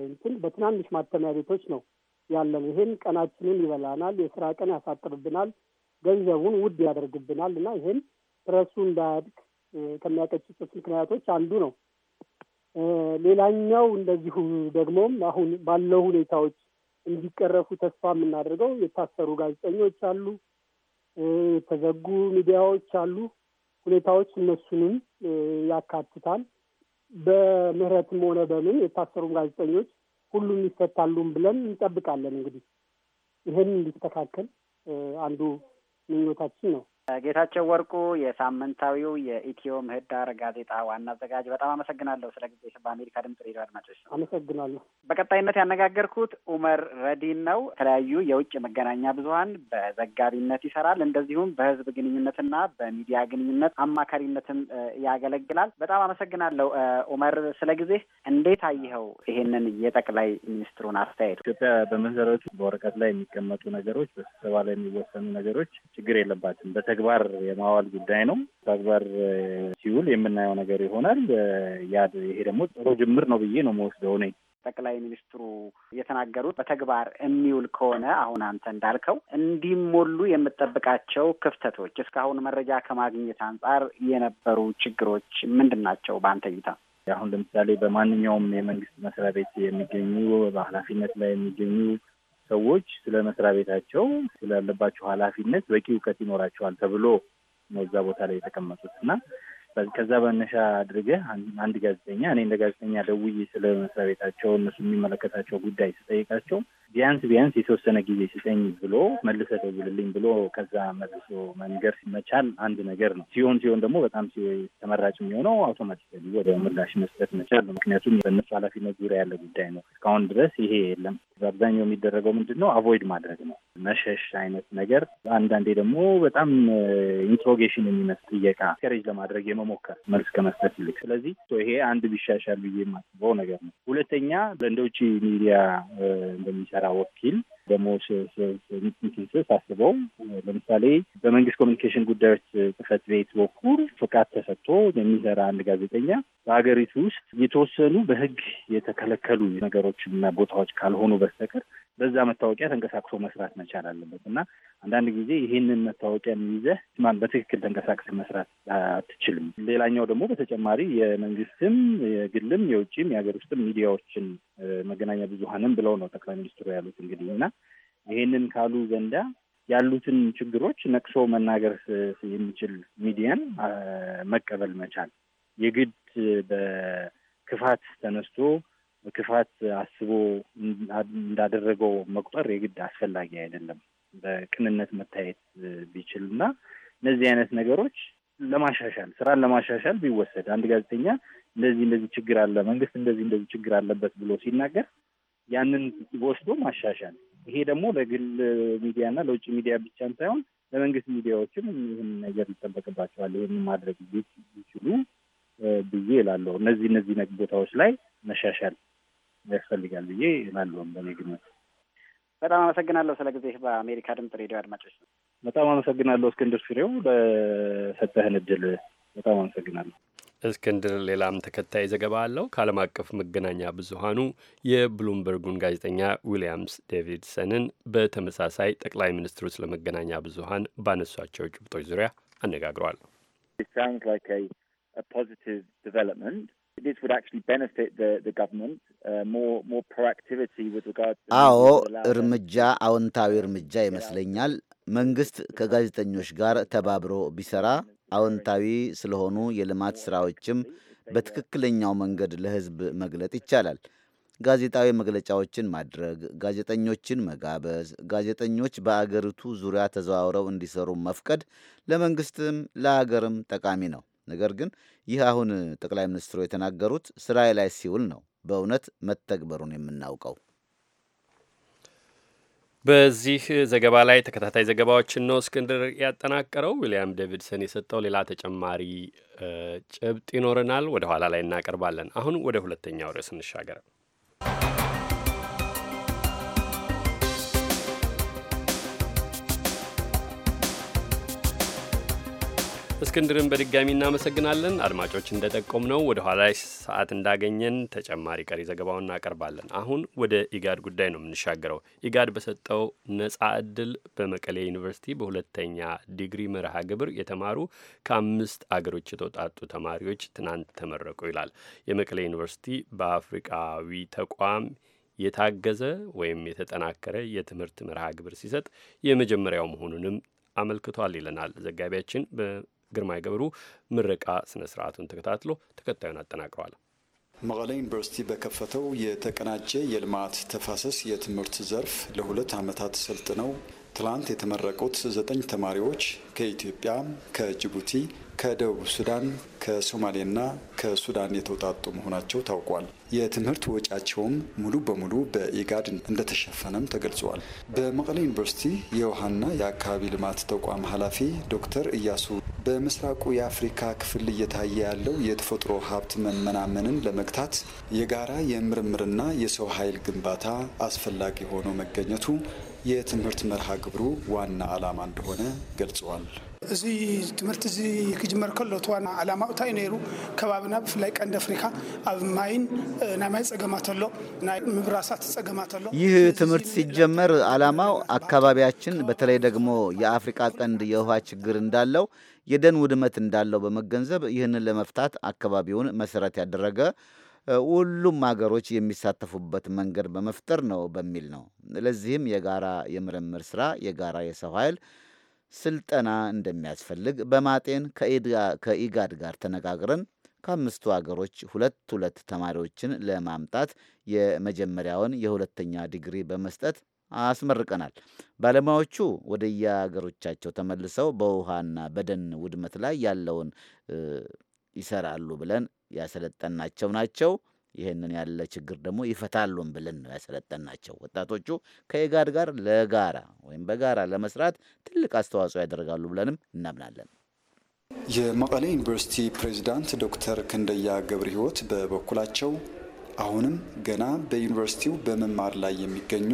እንትን በትናንሽ ማተሚያ ቤቶች ነው ያለን። ይሄን ቀናችንን ይበላናል፣ የስራ ቀን ያሳጥርብናል፣ ገንዘቡን ውድ ያደርግብናል እና ይሄን ፕረሱ እንዳያድግ ከሚያቀጭጩት ምክንያቶች አንዱ ነው። ሌላኛው እንደዚሁ ደግሞም አሁን ባለው ሁኔታዎች እንዲቀረፉ ተስፋ የምናደርገው የታሰሩ ጋዜጠኞች አሉ፣ የተዘጉ ሚዲያዎች አሉ። ሁኔታዎች እነሱንም ያካትታል። በምህረትም ሆነ በምን የታሰሩም ጋዜጠኞች ሁሉም ይፈታሉም ብለን እንጠብቃለን። እንግዲህ ይህን እንዲስተካከል አንዱ ምኞታችን ነው። ጌታቸው ወርቁ የሳምንታዊው የኢትዮ ምህዳር ጋዜጣ ዋና አዘጋጅ፣ በጣም አመሰግናለሁ ስለ ጊዜ። በአሜሪካ ድምጽ ሬዲዮ አድማጮች አመሰግናለሁ። በቀጣይነት ያነጋገርኩት ኡመር ረዲን ነው። የተለያዩ የውጭ መገናኛ ብዙኃን በዘጋቢነት ይሰራል። እንደዚሁም በህዝብ ግንኙነትና በሚዲያ ግንኙነት አማካሪነትም ያገለግላል። በጣም አመሰግናለሁ ኡመር ስለ ጊዜ። እንዴት አየኸው ይሄንን የጠቅላይ ሚኒስትሩን አስተያየት? ኢትዮጵያ በመሰረቱ በወረቀት ላይ የሚቀመጡ ነገሮች፣ በስብሰባ ላይ የሚወሰኑ ነገሮች ችግር የለባትም። ተግባር የማዋል ጉዳይ ነው። ተግባር ሲውል የምናየው ነገር ይሆናል። ያ ይሄ ደግሞ ጥሩ ጅምር ነው ብዬ ነው መወስደው ነኝ። ጠቅላይ ሚኒስትሩ የተናገሩት በተግባር የሚውል ከሆነ አሁን አንተ እንዳልከው እንዲሞሉ የምጠብቃቸው ክፍተቶች እስካሁን መረጃ ከማግኘት አንጻር የነበሩ ችግሮች ምንድን ናቸው በአንተ እይታ? አሁን ለምሳሌ በማንኛውም የመንግስት መስሪያ ቤት የሚገኙ በኃላፊነት ላይ የሚገኙ ሰዎች ስለ መስሪያ ቤታቸው ስላለባቸው ኃላፊነት በቂ እውቀት ይኖራቸዋል ተብሎ ነው እዛ ቦታ ላይ የተቀመጡት እና ከዛ መነሻ አድርገህ አንድ ጋዜጠኛ እኔ እንደ ጋዜጠኛ ደውዬ ስለ መስሪያ ቤታቸው እነሱ የሚመለከታቸው ጉዳይ ስጠይቃቸው ቢያንስ ቢያንስ የተወሰነ ጊዜ ስጠኝ ብሎ መልሰ ደውልልኝ ብሎ ከዛ መልሶ መንገር ሲመቻል አንድ ነገር ነው። ሲሆን ሲሆን ደግሞ በጣም ተመራጭ የሚሆነው አውቶማቲካሊ ወደ ምላሽ መስጠት መቻል ነው። ምክንያቱም በእነሱ ኃላፊነት ዙሪያ ያለ ጉዳይ ነው። እስካሁን ድረስ ይሄ የለም። በአብዛኛው የሚደረገው ምንድን ነው? አቮይድ ማድረግ ነው፣ መሸሽ አይነት ነገር። አንዳንዴ ደግሞ በጣም ኢንትሮጌሽን የሚመስል ጥየቃ ከሬጅ ለማድረግ መሞከር መልስ ከመስጠት ይልቅ። ስለዚህ ይሄ አንድ ቢሻሻል ብዬ የማስበው ነገር ነው። ሁለተኛ እንደ ውጭ ሚዲያ እንደሚሰራ ወኪል ደግሞ ሳስበው ለምሳሌ በመንግስት ኮሚኒኬሽን ጉዳዮች ጽህፈት ቤት በኩል ፍቃድ ተሰጥቶ የሚሰራ አንድ ጋዜጠኛ በሀገሪቱ ውስጥ የተወሰኑ በህግ የተከለከሉ ነገሮችና ቦታዎች ካልሆኑ በስተቀር በዛ መታወቂያ ተንቀሳቅሶ መስራት መቻል አለበት እና አንዳንድ ጊዜ ይህንን መታወቂያ ይዘህ ማን በትክክል ተንቀሳቅስ መስራት አትችልም። ሌላኛው ደግሞ በተጨማሪ የመንግስትም የግልም የውጭም የሀገር ውስጥም ሚዲያዎችን መገናኛ ብዙሀንም ብለው ነው ጠቅላይ ሚኒስትሩ ያሉት እንግዲህ እና ይህንን ካሉ ዘንዳ ያሉትን ችግሮች ነቅሶ መናገር የሚችል ሚዲያን መቀበል መቻል የግድ በክፋት ተነስቶ ክፋት አስቦ እንዳደረገው መቁጠር የግድ አስፈላጊ አይደለም። በቅንነት መታየት ቢችል እና እነዚህ አይነት ነገሮች ለማሻሻል ስራን ለማሻሻል ቢወሰድ አንድ ጋዜጠኛ እንደዚህ እንደዚህ ችግር አለ፣ መንግስት እንደዚህ እንደዚህ ችግር አለበት ብሎ ሲናገር ያንን ወስዶ ማሻሻል። ይሄ ደግሞ ለግል ሚዲያ እና ለውጭ ሚዲያ ብቻን ሳይሆን ለመንግስት ሚዲያዎችም ይህን ነገር ይጠበቅባቸዋል። ይህን ማድረግ ቢችሉ ብዬ እላለሁ። እነዚህ እነዚህ ቦታዎች ላይ መሻሻል ያስፈልጋል ብዬ ላለውም በእኔ ግምት። በጣም አመሰግናለሁ ስለ ጊዜ በአሜሪካ ድምጽ ሬዲዮ አድማጮች ነው። በጣም አመሰግናለሁ እስክንድር ፍሬው ለሰጠህን እድል በጣም አመሰግናለሁ። እስክንድር ሌላም ተከታይ ዘገባ አለው ከዓለም አቀፍ መገናኛ ብዙሃኑ የብሉምበርጉን ጋዜጠኛ ዊልያምስ ዴቪድሰንን በተመሳሳይ ጠቅላይ ሚኒስትሩ ስለ መገናኛ ብዙሀን ባነሷቸው ጭብጦች ዙሪያ አነጋግሯል። አዎ እርምጃ አዎንታዊ እርምጃ ይመስለኛል። መንግስት ከጋዜጠኞች ጋር ተባብሮ ቢሰራ አዎንታዊ ስለሆኑ የልማት ስራዎችም በትክክለኛው መንገድ ለህዝብ መግለጥ ይቻላል። ጋዜጣዊ መግለጫዎችን ማድረግ፣ ጋዜጠኞችን መጋበዝ፣ ጋዜጠኞች በአገሪቱ ዙሪያ ተዘዋውረው እንዲሰሩ መፍቀድ ለመንግስትም ለአገርም ጠቃሚ ነው። ነገር ግን ይህ አሁን ጠቅላይ ሚኒስትሩ የተናገሩት ስራዬ ላይ ሲውል ነው በእውነት መተግበሩን የምናውቀው። በዚህ ዘገባ ላይ ተከታታይ ዘገባዎችን ነው እስክንድር ያጠናቀረው። ዊልያም ዴቪድሰን የሰጠው ሌላ ተጨማሪ ጭብጥ ይኖረናል፣ ወደ ኋላ ላይ እናቀርባለን። አሁን ወደ ሁለተኛው ርዕስ እንሻገረ። እስክንድርን በድጋሚ እናመሰግናለን። አድማጮች እንደጠቆም ነው ወደ ኋላ ሰዓት እንዳገኘን ተጨማሪ ቀሪ ዘገባውን እናቀርባለን። አሁን ወደ ኢጋድ ጉዳይ ነው የምንሻገረው። ኢጋድ በሰጠው ነጻ እድል በመቀሌ ዩኒቨርሲቲ በሁለተኛ ዲግሪ መርሃ ግብር የተማሩ ከአምስት አገሮች የተውጣጡ ተማሪዎች ትናንት ተመረቁ ይላል። የመቀሌ ዩኒቨርሲቲ በአፍሪቃዊ ተቋም የታገዘ ወይም የተጠናከረ የትምህርት መርሃ ግብር ሲሰጥ የመጀመሪያው መሆኑንም አመልክቷል ይለናል ዘጋቢያችን። ግርማይ ገብሩ ምረቃ ስነ ስርዓቱን ተከታትሎ ተከታዩን አጠናቅረዋል። መቀለ ዩኒቨርሲቲ በከፈተው የተቀናጀ የልማት ተፋሰስ የትምህርት ዘርፍ ለሁለት ዓመታት ሰልጥነው ትላንት የተመረቁት ዘጠኝ ተማሪዎች ከኢትዮጵያ፣ ከጅቡቲ፣ ከደቡብ ሱዳን፣ ከሶማሌና ከሱዳን የተውጣጡ መሆናቸው ታውቋል። የትምህርት ወጪያቸውም ሙሉ በሙሉ በኢጋድ እንደተሸፈነም ተገልጿል። በመቀለ ዩኒቨርሲቲ የውሃና የአካባቢ ልማት ተቋም ኃላፊ ዶክተር እያሱ በምስራቁ የአፍሪካ ክፍል እየታየ ያለው የተፈጥሮ ሀብት መመናመንን ለመግታት የጋራ የምርምርና የሰው ኃይል ግንባታ አስፈላጊ ሆኖ መገኘቱ የትምህርት መርሃ ግብሩ ዋና ዓላማ እንደሆነ ገልጸዋል። እዚ ትምህርቲ እዚ ክጅመር ከሎ እቲ ዋና ዓላማ እንታይ ነይሩ ከባቢና ብፍላይ ቀንዲ አፍሪካ ኣብ ማይን ናይ ማይ ፀገማት ኣሎ ናይ ምብራሳት ፀገማት ኣሎ። ይህ ትምህርት ሲጀመር ዓላማው አካባቢያችን በተለይ ደግሞ የአፍሪካ ቀንድ የውሃ ችግር እንዳለው የደን ውድመት እንዳለው በመገንዘብ ይህንን ለመፍታት አካባቢውን መሰረት ያደረገ ሁሉም ሀገሮች የሚሳተፉበት መንገድ በመፍጠር ነው በሚል ነው። ለዚህም የጋራ የምርምር ስራ፣ የጋራ የሰው ኃይል ስልጠና እንደሚያስፈልግ በማጤን ከኢጋድ ጋር ተነጋግረን ከአምስቱ ሀገሮች ሁለት ሁለት ተማሪዎችን ለማምጣት የመጀመሪያውን የሁለተኛ ዲግሪ በመስጠት አስመርቀናል። ባለሙያዎቹ የአገሮቻቸው ተመልሰው በውሃና በደን ውድመት ላይ ያለውን ይሰራሉ ብለን ያሰለጠናቸው ናቸው። ይህንን ያለ ችግር ደግሞ ይፈታሉን ብለን ነው ያሰለጠናቸው። ወጣቶቹ ከየጋድ ጋር ለጋራ ወይም በጋራ ለመስራት ትልቅ አስተዋጽኦ ያደርጋሉ ብለንም እናምናለን። የመቀሌ ዩኒቨርሲቲ ፕሬዚዳንት ዶክተር ክንደያ ገብረ ሕይወት በበኩላቸው አሁንም ገና በዩኒቨርሲቲው በመማር ላይ የሚገኙ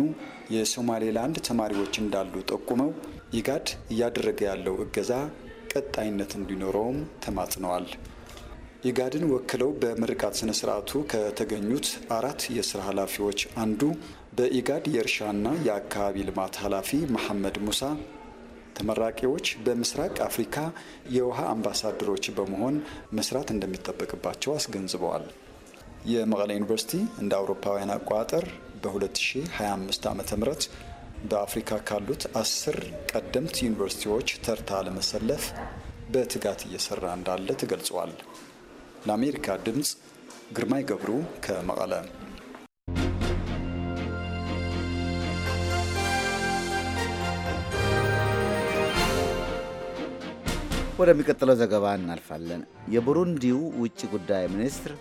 የሶማሌላንድ ተማሪዎች እንዳሉ ጠቁመው ኢጋድ እያደረገ ያለው እገዛ ቀጣይነት እንዲኖረውም ተማጽነዋል። ኢጋድን ወክለው በምርቃት ስነ ስርዓቱ ከተገኙት አራት የስራ ኃላፊዎች አንዱ በኢጋድ የእርሻና የአካባቢ ልማት ኃላፊ መሐመድ ሙሳ ተመራቂዎች በምስራቅ አፍሪካ የውሃ አምባሳደሮች በመሆን መስራት እንደሚጠበቅባቸው አስገንዝበዋል። የመቀለ ዩኒቨርሲቲ እንደ አውሮፓውያን አቆጣጠር በ2025 ዓ ም በአፍሪካ ካሉት አስር ቀደምት ዩኒቨርሲቲዎች ተርታ ለመሰለፍ በትጋት እየሰራ እንዳለ ተገልጿል። ለአሜሪካ ድምፅ ግርማይ ገብሩ ከመቀለ። ወደሚቀጥለው ዘገባ እናልፋለን። የቡሩንዲው ውጭ ጉዳይ ሚኒስትር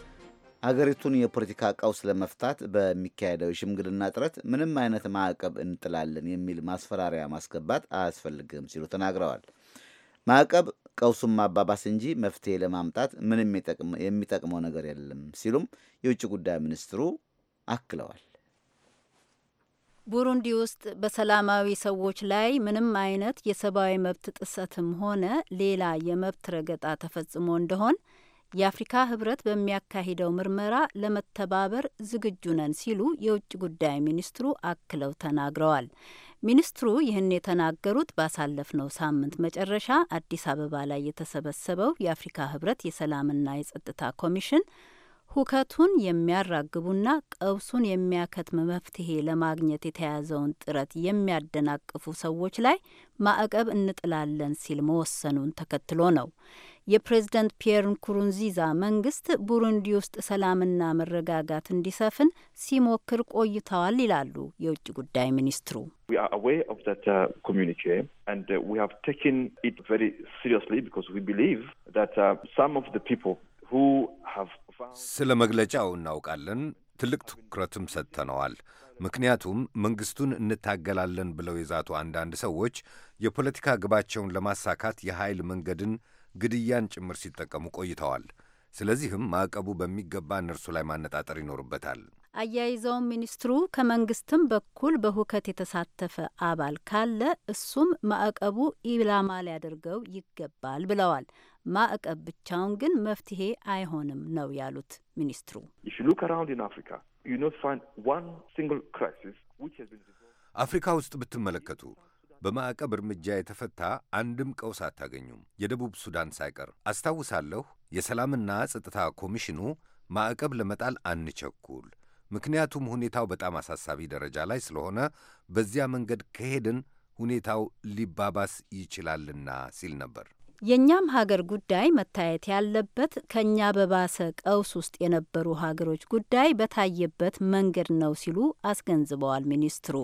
ሀገሪቱን የፖለቲካ ቀውስ ለመፍታት በሚካሄደው የሽምግልና ጥረት ምንም አይነት ማዕቀብ እንጥላለን የሚል ማስፈራሪያ ማስገባት አያስፈልግም ሲሉ ተናግረዋል። ማዕቀብ ቀውሱን ማባባስ እንጂ መፍትሄ ለማምጣት ምንም የሚጠቅመው ነገር የለም ሲሉም የውጭ ጉዳይ ሚኒስትሩ አክለዋል። ቡሩንዲ ውስጥ በሰላማዊ ሰዎች ላይ ምንም አይነት የሰብአዊ መብት ጥሰትም ሆነ ሌላ የመብት ረገጣ ተፈጽሞ እንደሆን የአፍሪካ ህብረት በሚያካሂደው ምርመራ ለመተባበር ዝግጁ ነን ሲሉ የውጭ ጉዳይ ሚኒስትሩ አክለው ተናግረዋል። ሚኒስትሩ ይህን የተናገሩት ባሳለፍነው ሳምንት መጨረሻ አዲስ አበባ ላይ የተሰበሰበው የአፍሪካ ህብረት የሰላምና የጸጥታ ኮሚሽን ሁከቱን የሚያራግቡና ቀውሱን የሚያከትም መፍትሄ ለማግኘት የተያዘውን ጥረት የሚያደናቅፉ ሰዎች ላይ ማዕቀብ እንጥላለን ሲል መወሰኑን ተከትሎ ነው። የፕሬዝደንት ፒየር ንኩሩንዚዛ መንግስት ቡሩንዲ ውስጥ ሰላምና መረጋጋት እንዲሰፍን ሲሞክር ቆይተዋል ይላሉ የውጭ ጉዳይ ሚኒስትሩ። uh, uh, uh, ስለ መግለጫው እናውቃለን። ትልቅ ትኩረትም ሰጥተነዋል። ምክንያቱም መንግስቱን እንታገላለን ብለው የዛቱ አንዳንድ ሰዎች የፖለቲካ ግባቸውን ለማሳካት የኃይል መንገድን ግድያን ጭምር ሲጠቀሙ ቆይተዋል። ስለዚህም ማዕቀቡ በሚገባ እነርሱ ላይ ማነጣጠር ይኖርበታል። አያይዘውም ሚኒስትሩ ከመንግስትም በኩል በሁከት የተሳተፈ አባል ካለ እሱም ማዕቀቡ ኢላማ ሊያደርገው ይገባል ብለዋል። ማዕቀብ ብቻውን ግን መፍትሄ አይሆንም ነው ያሉት ሚኒስትሩ። አፍሪካ ውስጥ ብትመለከቱ በማዕቀብ እርምጃ የተፈታ አንድም ቀውስ አታገኙም፣ የደቡብ ሱዳን ሳይቀር። አስታውሳለሁ የሰላምና ጸጥታ ኮሚሽኑ ማዕቀብ ለመጣል አንቸኩል፣ ምክንያቱም ሁኔታው በጣም አሳሳቢ ደረጃ ላይ ስለሆነ በዚያ መንገድ ከሄድን ሁኔታው ሊባባስ ይችላልና ሲል ነበር። የእኛም ሀገር ጉዳይ መታየት ያለበት ከእኛ በባሰ ቀውስ ውስጥ የነበሩ ሀገሮች ጉዳይ በታየበት መንገድ ነው ሲሉ አስገንዝበዋል ሚኒስትሩ።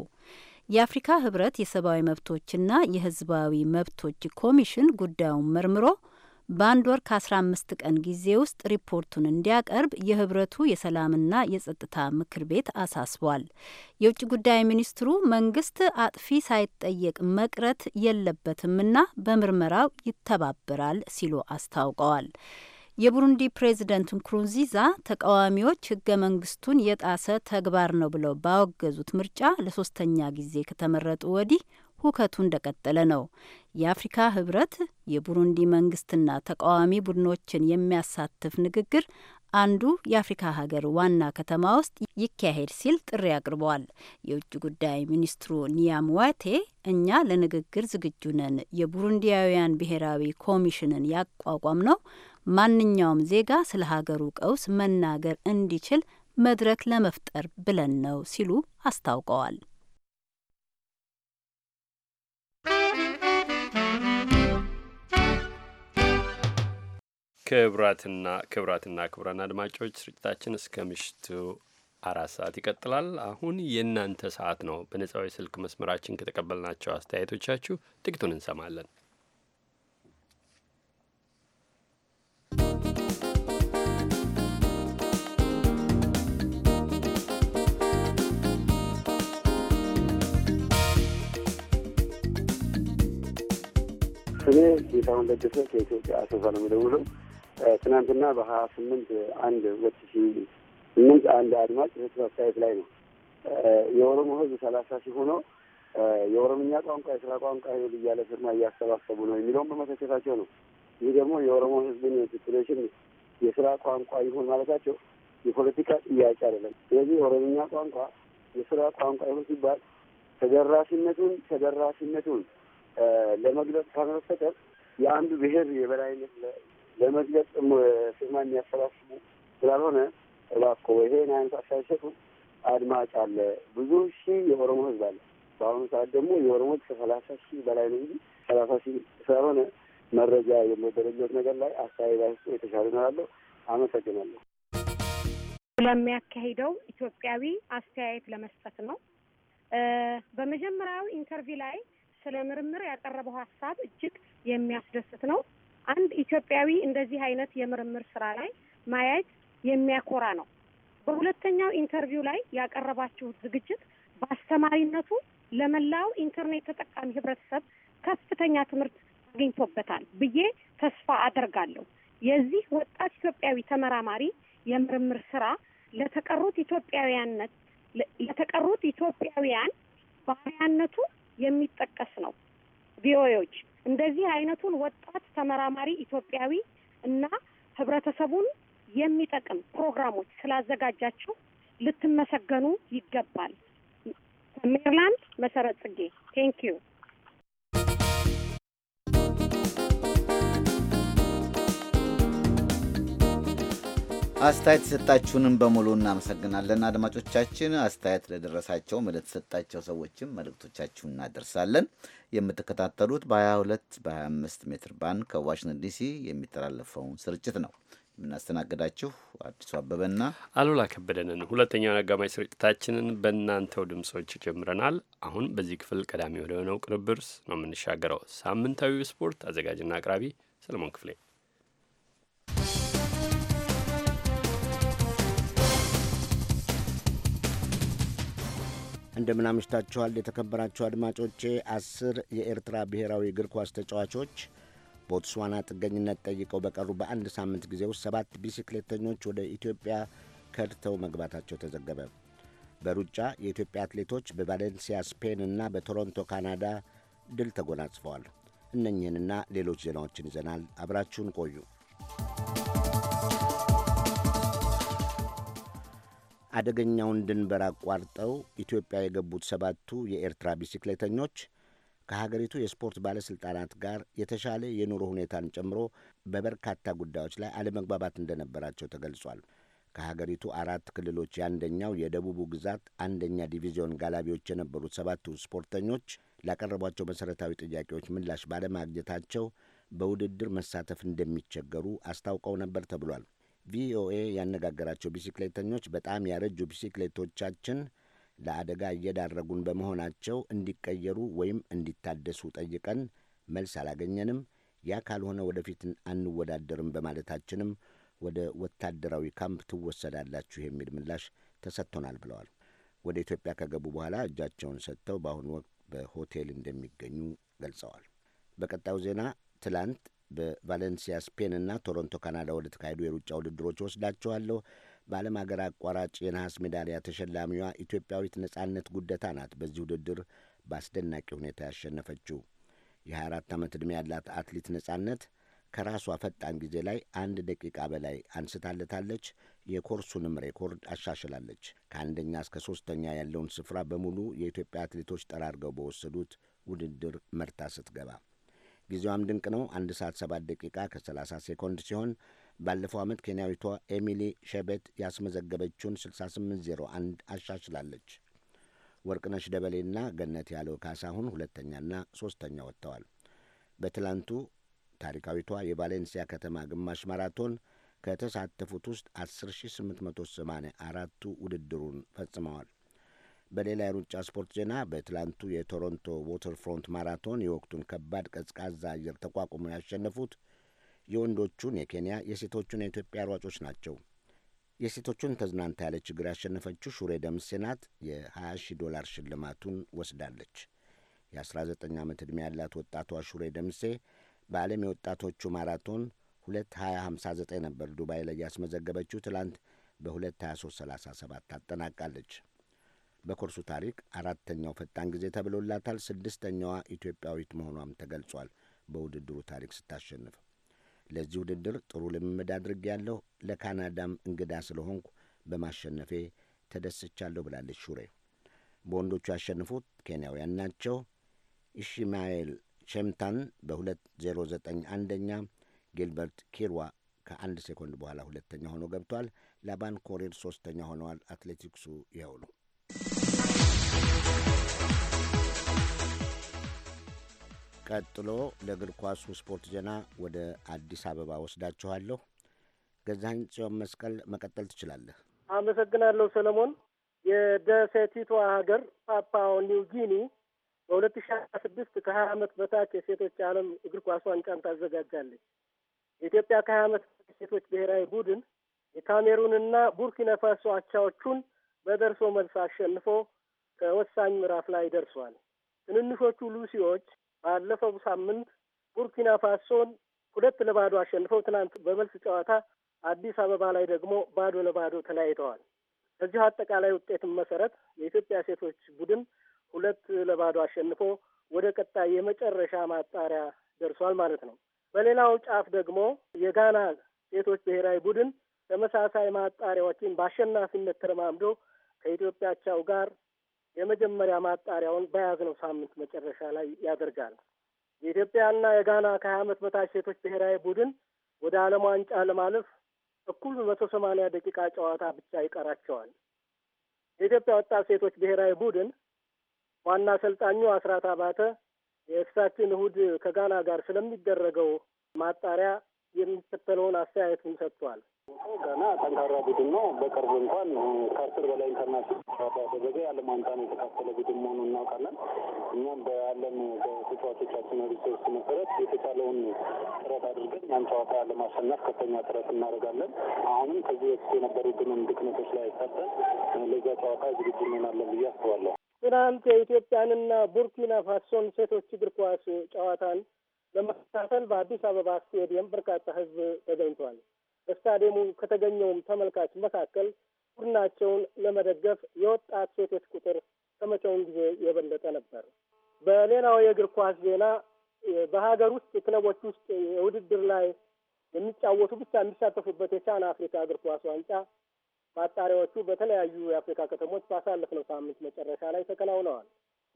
የአፍሪካ ህብረት የሰብአዊ መብቶችና የህዝባዊ መብቶች ኮሚሽን ጉዳዩን መርምሮ በአንድ ወር ከ15 ቀን ጊዜ ውስጥ ሪፖርቱን እንዲያቀርብ የህብረቱ የሰላምና የጸጥታ ምክር ቤት አሳስቧል። የውጭ ጉዳይ ሚኒስትሩ መንግስት አጥፊ ሳይጠየቅ መቅረት የለበትምና በምርመራው ይተባበራል ሲሉ አስታውቀዋል። የቡሩንዲ ፕሬዚደንት ንኩሩንዚዛ ተቃዋሚዎች ህገ መንግስቱን የጣሰ ተግባር ነው ብለው ባወገዙት ምርጫ ለሶስተኛ ጊዜ ከተመረጡ ወዲህ ሁከቱ እንደቀጠለ ነው። የአፍሪካ ህብረት የቡሩንዲ መንግስትና ተቃዋሚ ቡድኖችን የሚያሳትፍ ንግግር አንዱ የአፍሪካ ሀገር ዋና ከተማ ውስጥ ይካሄድ ሲል ጥሪ አቅርበዋል። የውጭ ጉዳይ ሚኒስትሩ ኒያም ዋቴ እኛ ለንግግር ዝግጁ ነን፣ የቡሩንዲያውያን ብሔራዊ ኮሚሽንን ያቋቋም ነው ማንኛውም ዜጋ ስለ ሀገሩ ቀውስ መናገር እንዲችል መድረክ ለመፍጠር ብለን ነው ሲሉ አስታውቀዋል። ክብራትና ክብራትና ክቡራን አድማጮች ስርጭታችን እስከ ምሽቱ አራት ሰዓት ይቀጥላል። አሁን የእናንተ ሰዓት ነው። በነጻው የስልክ መስመራችን ከተቀበልናቸው አስተያየቶቻችሁ ጥቂቱን እንሰማለን። ስሜ ጌታሁን ለገሰ ከኢትዮጵያ አሶሳ ነው የሚደውለው። ትናንትና በሀያ ስምንት አንድ ሁለት ሺ ስምንት አንድ አድማጭ ህት አስተያየት ላይ ነው የኦሮሞ ህዝብ ሰላሳ ሲሆኖ የኦሮምኛ ቋንቋ የስራ ቋንቋ ይሁን እያለ ፊርማ እያሰባሰቡ ነው የሚለውን በመተቸታቸው ነው። ይህ ደግሞ የኦሮሞ ህዝብን ሲትዌሽን የስራ ቋንቋ ይሁን ማለታቸው የፖለቲካ ጥያቄ አይደለም። ስለዚህ የኦሮምኛ ቋንቋ የስራ ቋንቋ ይሁን ሲባል ተደራሽነቱን ተደራሽነቱን ለመግለጽ ካልሆነ የአንዱ ብሔር የበላይነት ለመግለጽ ስማ የሚያሰባስቡ ስላልሆነ እባክዎ ይሄን አይነት አሻሸቱ አድማጭ አለ። ብዙ ሺህ የኦሮሞ ህዝብ አለ። በአሁኑ ሰዓት ደግሞ የኦሮሞ ከሰላሳ ሺህ በላይ ነው እንጂ ሰላሳ ሺህ ስላልሆነ መረጃ የሚደረጅበት ነገር ላይ አስተያየት አይስጡ የተሻለ ይኖራለሁ። አመሰግናለሁ። ለሚያካሂደው ኢትዮጵያዊ አስተያየት ለመስጠት ነው። በመጀመሪያው ኢንተርቪው ላይ ስለ ምርምር ያቀረበው ሀሳብ እጅግ የሚያስደስት ነው። አንድ ኢትዮጵያዊ እንደዚህ አይነት የምርምር ስራ ላይ ማየት የሚያኮራ ነው። በሁለተኛው ኢንተርቪው ላይ ያቀረባችሁት ዝግጅት በአስተማሪነቱ ለመላው ኢንተርኔት ተጠቃሚ ህብረተሰብ ከፍተኛ ትምህርት አግኝቶበታል ብዬ ተስፋ አደርጋለሁ። የዚህ ወጣት ኢትዮጵያዊ ተመራማሪ የምርምር ስራ ለተቀሩት ኢትዮጵያውያንነት ለተቀሩት ኢትዮጵያውያን ባህሪያነቱ የሚጠቀስ ነው። ቪኦኤዎች እንደዚህ አይነቱን ወጣት ተመራማሪ ኢትዮጵያዊ እና ህብረተሰቡን የሚጠቅም ፕሮግራሞች ስላዘጋጃችሁ ልትመሰገኑ ይገባል። ሜሪላንድ መሰረት ጽጌ ቴንኪዩ። አስተያየት የሰጣችሁንም በሙሉ እናመሰግናለን። አድማጮቻችን አስተያየት ለደረሳቸውም ለተሰጣቸው ሰዎችም መልእክቶቻችሁን እናደርሳለን። የምትከታተሉት በ22 በ25 ሜትር ባንድ ከዋሽንግተን ዲሲ የሚተላለፈውን ስርጭት ነው። የምናስተናግዳችሁ አዲሱ አበበና አሉላ ከበደንን። ሁለተኛውን አጋማሽ ስርጭታችንን በእናንተው ድምጾች ጀምረናል። አሁን በዚህ ክፍል ቀዳሚ ወደሆነው ቅንብር ነው የምንሻገረው። ሳምንታዊ ስፖርት አዘጋጅና አቅራቢ ሰለሞን ክፍሌ እንደምን አምሽታችኋል የተከበራችሁ አድማጮቼ። አስር የኤርትራ ብሔራዊ እግር ኳስ ተጫዋቾች ቦትስዋና ጥገኝነት ጠይቀው በቀሩ በአንድ ሳምንት ጊዜ ውስጥ ሰባት ቢሲክሌተኞች ወደ ኢትዮጵያ ከድተው መግባታቸው ተዘገበ። በሩጫ የኢትዮጵያ አትሌቶች በቫሌንሲያ ስፔን እና በቶሮንቶ ካናዳ ድል ተጎናጽፈዋል። እነኚህንና ሌሎች ዜናዎችን ይዘናል። አብራችሁን ቆዩ። አደገኛውን ድንበር አቋርጠው ኢትዮጵያ የገቡት ሰባቱ የኤርትራ ቢሲክሌተኞች ከሀገሪቱ የስፖርት ባለሥልጣናት ጋር የተሻለ የኑሮ ሁኔታን ጨምሮ በበርካታ ጉዳዮች ላይ አለመግባባት እንደነበራቸው ተገልጿል። ከሀገሪቱ አራት ክልሎች የአንደኛው የደቡቡ ግዛት አንደኛ ዲቪዚዮን ጋላቢዎች የነበሩት ሰባቱ ስፖርተኞች ላቀረቧቸው መሠረታዊ ጥያቄዎች ምላሽ ባለማግኘታቸው በውድድር መሳተፍ እንደሚቸገሩ አስታውቀው ነበር ተብሏል። ቪኦኤ ያነጋገራቸው ቢሲክሌተኞች በጣም ያረጁ ቢስክሌቶቻችን ለአደጋ እየዳረጉን በመሆናቸው እንዲቀየሩ ወይም እንዲታደሱ ጠይቀን መልስ አላገኘንም። ያ ካልሆነ ወደፊት አንወዳደርም በማለታችንም ወደ ወታደራዊ ካምፕ ትወሰዳላችሁ የሚል ምላሽ ተሰጥቶናል ብለዋል። ወደ ኢትዮጵያ ከገቡ በኋላ እጃቸውን ሰጥተው በአሁኑ ወቅት በሆቴል እንደሚገኙ ገልጸዋል። በቀጣዩ ዜና ትላንት በቫሌንሲያ ስፔን እና ቶሮንቶ ካናዳ ወደ ተካሄዱ የሩጫ ውድድሮች ወስዳቸዋለሁ። በዓለም ሀገር አቋራጭ የነሐስ ሜዳሊያ ተሸላሚዋ ኢትዮጵያዊት ነጻነት ጉደታ ናት። በዚህ ውድድር በአስደናቂ ሁኔታ ያሸነፈችው የ24 ዓመት ዕድሜ ያላት አትሌት ነጻነት ከራሷ ፈጣን ጊዜ ላይ አንድ ደቂቃ በላይ አንስታለታለች። የኮርሱንም ሬኮርድ አሻሽላለች። ከአንደኛ እስከ ሶስተኛ ያለውን ስፍራ በሙሉ የኢትዮጵያ አትሌቶች ጠራርገው በወሰዱት ውድድር መርታ ስትገባ ጊዜዋም ድንቅ ነው። አንድ ሰዓት ሰባት ደቂቃ ከ30 ሴኮንድ ሲሆን ባለፈው ዓመት ኬንያዊቷ ኤሚሊ ሸቤት ያስመዘገበችውን 6801 አሻሽላለች። ወርቅነሽ ደበሌና ገነት ያለው ካሳሁን ሁለተኛና ሦስተኛ ወጥተዋል። በትላንቱ ታሪካዊቷ የቫሌንሲያ ከተማ ግማሽ ማራቶን ከተሳተፉት ውስጥ 10884ቱ ውድድሩን ፈጽመዋል። በሌላ የሩጫ ስፖርት ዜና በትላንቱ የቶሮንቶ ዎተር ማራቶን የወቅቱን ከባድ ቀዝቃዛ አየር ተቋቁሞ ያሸነፉት የወንዶቹን የኬንያ የሴቶቹን የኢትዮጵያ ሯጮች ናቸው። የሴቶቹን ተዝናንታ ያለ ችግር ያሸነፈችው ሹሬ ደምሴ ናት። የ20 ሺህ ዶላር ሽልማቱን ወስዳለች። የ19 ዓመት ዕድሜ ያላት ወጣቷ ሹሬ ደምሴ በዓለም የወጣቶቹ ማራቶን 2259 ነበር ዱባይ ላይ ያስመዘገበችው። ትላንት በ2፡23፡37 ታጠናቃለች። በኮርሱ ታሪክ አራተኛው ፈጣን ጊዜ ተብሎላታል። ስድስተኛዋ ኢትዮጵያዊት መሆኗም ተገልጿል። በውድድሩ ታሪክ ስታሸንፍ ለዚህ ውድድር ጥሩ ልምምድ አድርጌያለሁ። ለካናዳም እንግዳ ስለሆንኩ በማሸነፌ ተደስቻለሁ ብላለች ሹሬ። በወንዶቹ ያሸንፉት ኬንያውያን ናቸው። ኢሽማኤል ቼምታን በ 2091 አንደኛ፣ ጊልበርት ኪርዋ ከአንድ ሴኮንድ በኋላ ሁለተኛ ሆኖ ገብቷል። ላባን ኮሪር ሶስተኛ ሆነዋል። አትሌቲክሱ ይኸው ነው። ቀጥሎ ለእግር ኳሱ ስፖርት ዜና ወደ አዲስ አበባ ወስዳችኋለሁ። ገዛኝ ጽዮን መስቀል መቀጠል ትችላለህ። አመሰግናለሁ ሰለሞን። የደሴቲቷ ሀገር ፓፓው ኒው ጊኒ በሁለት ሺ አስራ ስድስት ከሀያ አመት በታች የሴቶች ዓለም እግር ኳስ ዋንጫን ታዘጋጃለች። የኢትዮጵያ ከሀያ አመት ሴቶች ብሔራዊ ቡድን የካሜሩንና ቡርኪና አቻዎቹን በደርሶ መልስ አሸንፎ ከወሳኝ ምዕራፍ ላይ ደርሷል። ትንንሾቹ ሉሲዎች ባለፈው ሳምንት ቡርኪና ፋሶን ሁለት ለባዶ አሸንፈው ትናንት በመልስ ጨዋታ አዲስ አበባ ላይ ደግሞ ባዶ ለባዶ ተለያይተዋል። ከዚሁ አጠቃላይ ውጤትም መሰረት የኢትዮጵያ ሴቶች ቡድን ሁለት ለባዶ አሸንፎ ወደ ቀጣይ የመጨረሻ ማጣሪያ ደርሷል ማለት ነው። በሌላው ጫፍ ደግሞ የጋና ሴቶች ብሔራዊ ቡድን ተመሳሳይ ማጣሪያዎችን በአሸናፊነት ተረማምዶ ከኢትዮጵያቻው ጋር የመጀመሪያ ማጣሪያውን በያዝነው ሳምንት መጨረሻ ላይ ያደርጋል። የኢትዮጵያና የጋና ከሀያ ዓመት በታች ሴቶች ብሔራዊ ቡድን ወደ ዓለም ዋንጫ ለማለፍ እኩል መቶ ሰማንያ ደቂቃ ጨዋታ ብቻ ይቀራቸዋል። የኢትዮጵያ ወጣት ሴቶች ብሔራዊ ቡድን ዋና አሰልጣኙ አስራት አባተ የፊታችን እሁድ ከጋና ጋር ስለሚደረገው ማጣሪያ የሚከተለውን አስተያየቱን ሰጥቷል። ገና ጠንካራ ቡድን ነው። በቅርቡ እንኳን ከአስር በላይ ኢንተርናሽናል ያደረገ የዓለም ዋንጫን የተካፈለ ቡድን መሆኑ እናውቃለን። እኛም በዓለም በተጫዋቾቻችን ሪሶርስ መሰረት የተቻለውን ጥረት አድርገን ያን ጨዋታ ለማሸነፍ ከፍተኛ ጥረት እናደርጋለን። አሁንም ከዚህ በፊት የነበሩብንን ድክመቶች ላይ ሳጠን ለዚያ ጨዋታ ዝግጁ እንሆናለን ብዬ አስባለሁ። ትናንት የኢትዮጵያንና ቡርኪና ፋሶን ሴቶች እግር ኳስ ጨዋታን ለመከታተል በአዲስ አበባ ስቴዲየም በርካታ ሕዝብ ተገኝቷል። በስታዲየሙ ከተገኘውም ተመልካች መካከል ቡድናቸውን ለመደገፍ የወጣት ሴቶች ቁጥር ከመቼውም ጊዜ የበለጠ ነበር። በሌላው የእግር ኳስ ዜና በሀገር ውስጥ ክለቦች ውስጥ የውድድር ላይ የሚጫወቱ ብቻ የሚሳተፉበት የቻን አፍሪካ እግር ኳስ ዋንጫ ማጣሪያዎቹ በተለያዩ የአፍሪካ ከተሞች ባሳለፍነው ሳምንት መጨረሻ ላይ ተከናውነዋል።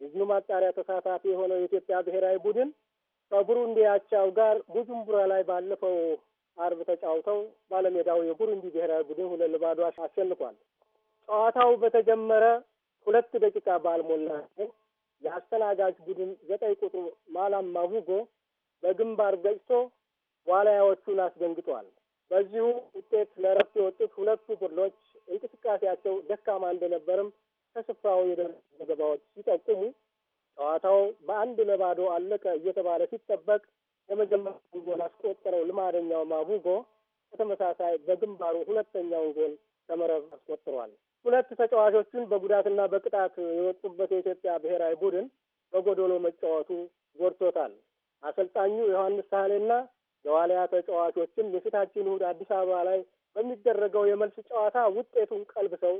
የዚሁ ማጣሪያ ተሳታፊ የሆነው የኢትዮጵያ ብሔራዊ ቡድን ከቡሩንዲ አቻው ጋር ቡጁምቡራ ላይ ባለፈው አርብ ተጫውተው ባለሜዳው የቡሩንዲ ብሔራዊ ቡድን ሁለት ለባዶ አሸንፏል። ጨዋታው በተጀመረ ሁለት ደቂቃ ባልሞላ የአስተናጋጅ ቡድን ዘጠኝ ቁጥሩ ማላም ማቡጎ በግንባር ገጭቶ ዋልያዎቹን አስደንግጧል። በዚሁ ውጤት ለረፍት የወጡት ሁለቱ ቡድኖች እንቅስቃሴያቸው ደካማ እንደነበርም ከስፍራው የደረሱ ዘገባዎች ሲጠቁሙ ጨዋታው በአንድ ለባዶ አለቀ እየተባለ ሲጠበቅ የመጀመሪያውን ጎል አስቆጠረው ልማደኛው ማቡጎ በተመሳሳይ በግንባሩ ሁለተኛውን ጎል ከመረብ አስቆጥሯል። ሁለት ተጫዋቾቹን በጉዳትና በቅጣት የወጡበት የኢትዮጵያ ብሔራዊ ቡድን በጎዶሎ መጫወቱ ጎድቶታል። አሰልጣኙ ዮሐንስ ሳህሌና የዋልያ ተጫዋቾችም የፊታችን እሁድ አዲስ አበባ ላይ በሚደረገው የመልስ ጨዋታ ውጤቱን ቀልብሰው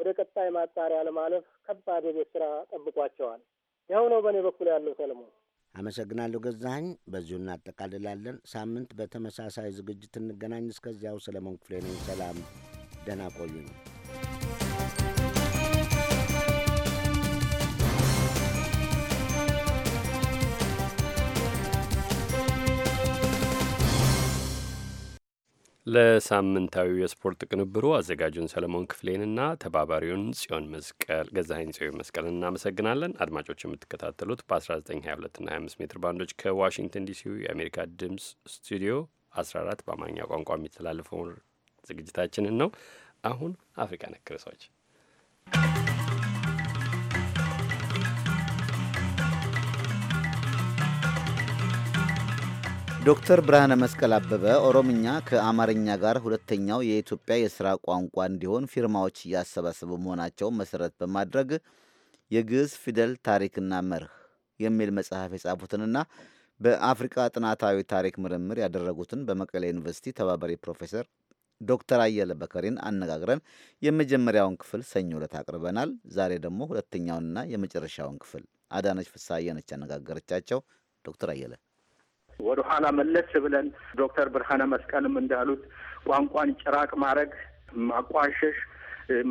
ወደ ቀጣይ ማጣሪያ ለማለፍ ከባድ የቤት ስራ ጠብቋቸዋል። ይኸው ነው በእኔ በኩል ያለው ሰለሞን። አመሰግናለሁ ገዛኸኝ። በዚሁ እናጠቃልላለን። ሳምንት በተመሳሳይ ዝግጅት እንገናኝ። እስከዚያው ሰለሞን ክፍሌ ነኝ። ሰላም፣ ደህና ቆዩኝ። ለሳምንታዊ የስፖርት ቅንብሩ አዘጋጁን ሰለሞን ክፍሌንና ተባባሪውን ጽዮን መስቀል ገዛኸኝ ጽዮን መስቀልን እናመሰግናለን። አድማጮች የምትከታተሉት በ1922 እና 25 ሜትር ባንዶች ከዋሽንግተን ዲሲ የአሜሪካ ድምፅ ስቱዲዮ 14 በአማርኛ ቋንቋ የሚተላለፈውን ዝግጅታችንን ነው። አሁን አፍሪካ ነክ ርዕሶች ዶክተር ብርሃነ መስቀል አበበ ኦሮምኛ ከአማርኛ ጋር ሁለተኛው የኢትዮጵያ የሥራ ቋንቋ እንዲሆን ፊርማዎች እያሰባሰቡ መሆናቸውን መሠረት በማድረግ የግዕዝ ፊደል ታሪክና መርህ የሚል መጽሐፍ የጻፉትንና በአፍሪቃ ጥናታዊ ታሪክ ምርምር ያደረጉትን በመቀሌ ዩኒቨርሲቲ ተባባሪ ፕሮፌሰር ዶክተር አየለ በከሪን አነጋግረን የመጀመሪያውን ክፍል ሰኞ ዕለት አቅርበናል። ዛሬ ደግሞ ሁለተኛውንና የመጨረሻውን ክፍል አዳነች ፍስሐ ነች ያነጋገረቻቸው። ዶክተር አየለ ወደ ኋላ መለስ ብለን ዶክተር ብርሃነ መስቀልም እንዳሉት ቋንቋን ጭራቅ ማድረግ፣ ማቋሸሽ፣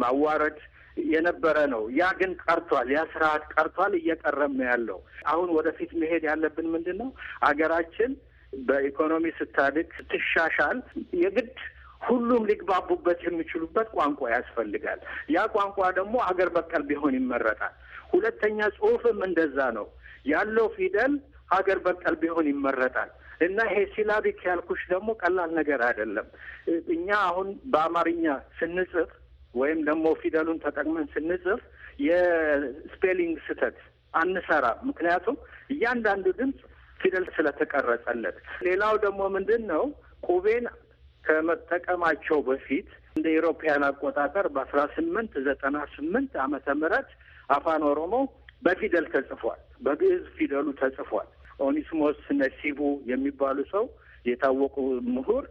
ማዋረድ የነበረ ነው። ያ ግን ቀርቷል። ያ ስርዓት ቀርቷል፣ እየቀረም ነው ያለው። አሁን ወደፊት መሄድ ያለብን ምንድን ነው? አገራችን በኢኮኖሚ ስታድግ ስትሻሻል የግድ ሁሉም ሊግባቡበት የሚችሉበት ቋንቋ ያስፈልጋል። ያ ቋንቋ ደግሞ አገር በቀል ቢሆን ይመረጣል። ሁለተኛ ጽሁፍም እንደዛ ነው ያለው ፊደል ሀገር በቀል ቢሆን ይመረጣል። እና ይሄ ሲላቢክ ያልኩሽ ደግሞ ቀላል ነገር አይደለም። እኛ አሁን በአማርኛ ስንጽፍ ወይም ደግሞ ፊደሉን ተጠቅመን ስንጽፍ የስፔሊንግ ስህተት አንሰራ። ምክንያቱም እያንዳንዱ ድምፅ ፊደል ስለተቀረጸለት። ሌላው ደግሞ ምንድን ነው ቁቤን ከመጠቀማቸው በፊት እንደ ኢሮፓያን አቆጣጠር በአስራ ስምንት ዘጠና ስምንት አመተ ምህረት አፋን ኦሮሞ በፊደል ተጽፏል። በግዕዝ ፊደሉ ተጽፏል። ኦኒስሞስ ነሲቡ የሚባሉ ሰው የታወቁ ምሁር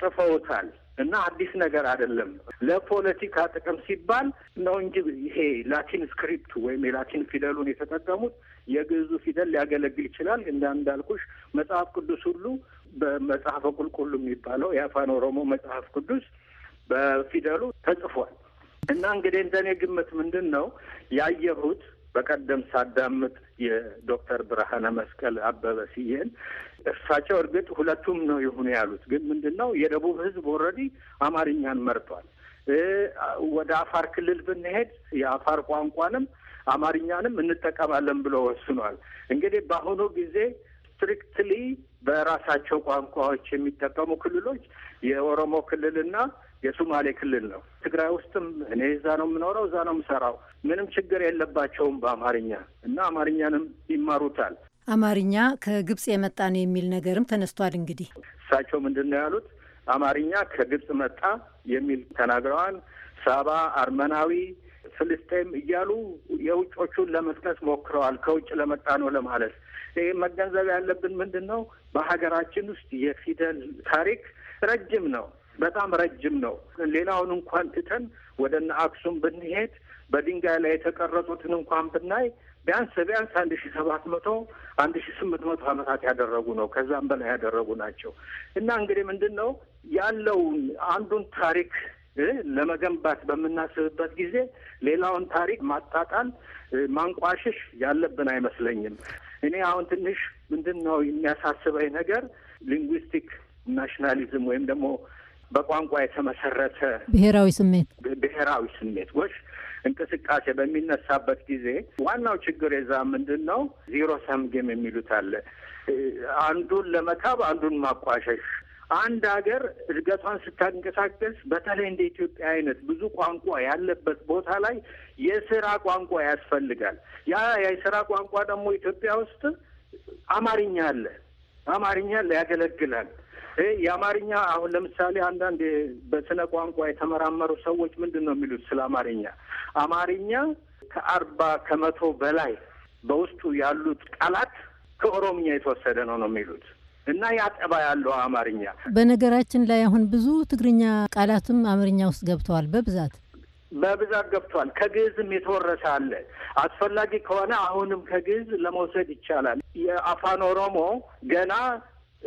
ጽፈውታል እና አዲስ ነገር አይደለም። ለፖለቲካ ጥቅም ሲባል ነው እንጂ ይሄ ላቲን ስክሪፕት ወይም የላቲን ፊደሉን የተጠቀሙት የግዕዙ ፊደል ሊያገለግል ይችላል። እንዳንዳልኩሽ መጽሐፍ ቅዱስ ሁሉ በመጽሐፈ ቁልቁሉ የሚባለው የአፋን ኦሮሞ መጽሐፍ ቅዱስ በፊደሉ ተጽፏል እና እንግዲህ እንደኔ ግምት ምንድን ነው ያየሁት በቀደም ሳዳምጥ የዶክተር ብርሃነ መስቀል አበበ ሲሄን እርሳቸው እርግጥ ሁለቱም ነው የሆኑ ያሉት፣ ግን ምንድን ነው የደቡብ ህዝብ ኦልሬዲ አማርኛን መርጧል። ወደ አፋር ክልል ብንሄድ የአፋር ቋንቋንም አማርኛንም እንጠቀማለን ብሎ ወስኗል። እንግዲህ በአሁኑ ጊዜ ስትሪክትሊ በራሳቸው ቋንቋዎች የሚጠቀሙ ክልሎች የኦሮሞ ክልልና የሱማሌ ክልል ነው። ትግራይ ውስጥም እኔ እዛ ነው የምኖረው፣ እዛ ነው የምሰራው። ምንም ችግር የለባቸውም በአማርኛ እና አማርኛንም ይማሩታል። አማርኛ ከግብጽ የመጣ ነው የሚል ነገርም ተነስቷል። እንግዲህ እሳቸው ምንድን ነው ያሉት? አማርኛ ከግብጽ መጣ የሚል ተናግረዋል። ሳባ፣ አርመናዊ፣ ፍልስጤም እያሉ የውጮቹን ለመጥቀስ ሞክረዋል። ከውጭ ለመጣ ነው ለማለት ይህ መገንዘብ ያለብን ምንድን ነው፣ በሀገራችን ውስጥ የፊደል ታሪክ ረጅም ነው፣ በጣም ረጅም ነው። ሌላውን እንኳን ትተን ወደ እነ አክሱም ብንሄድ በድንጋይ ላይ የተቀረጡትን እንኳን ብናይ ቢያንስ ቢያንስ አንድ ሺ ሰባት መቶ አንድ ሺ ስምንት መቶ ዓመታት ያደረጉ ነው ከዛም በላይ ያደረጉ ናቸው። እና እንግዲህ ምንድን ነው ያለውን አንዱን ታሪክ ለመገንባት በምናስብበት ጊዜ ሌላውን ታሪክ ማጣጣል ማንቋሽሽ ያለብን አይመስለኝም። እኔ አሁን ትንሽ ምንድን ነው የሚያሳስበኝ ነገር ሊንጉስቲክ ናሽናሊዝም ወይም ደግሞ በቋንቋ የተመሰረተ ብሔራዊ ስሜት ብሔራዊ ስሜት ወሽ እንቅስቃሴ በሚነሳበት ጊዜ ዋናው ችግር የዛ ምንድን ነው ዜሮ ሰምጌም የሚሉት አለ። አንዱን ለመካብ አንዱን ማቋሸሽ አንድ ሀገር እድገቷን ስታንቀሳቀስ በተለይ እንደ ኢትዮጵያ አይነት ብዙ ቋንቋ ያለበት ቦታ ላይ የስራ ቋንቋ ያስፈልጋል። ያ የስራ ቋንቋ ደግሞ ኢትዮጵያ ውስጥ አማርኛ አለ። አማርኛ ያገለግላል። የአማርኛ አሁን ለምሳሌ አንዳንድ በስነ ቋንቋ የተመራመሩ ሰዎች ምንድን ነው የሚሉት ስለ አማርኛ? አማርኛ ከአርባ ከመቶ በላይ በውስጡ ያሉት ቃላት ከኦሮምኛ የተወሰደ ነው ነው የሚሉት እና ያጠባ ያለው አማርኛ። በነገራችን ላይ አሁን ብዙ ትግርኛ ቃላትም አማርኛ ውስጥ ገብተዋል በብዛት በብዛት ገብቷል። ከግዕዝም የተወረሰ አለ። አስፈላጊ ከሆነ አሁንም ከግዕዝ ለመውሰድ ይቻላል። የአፋን ኦሮሞ ገና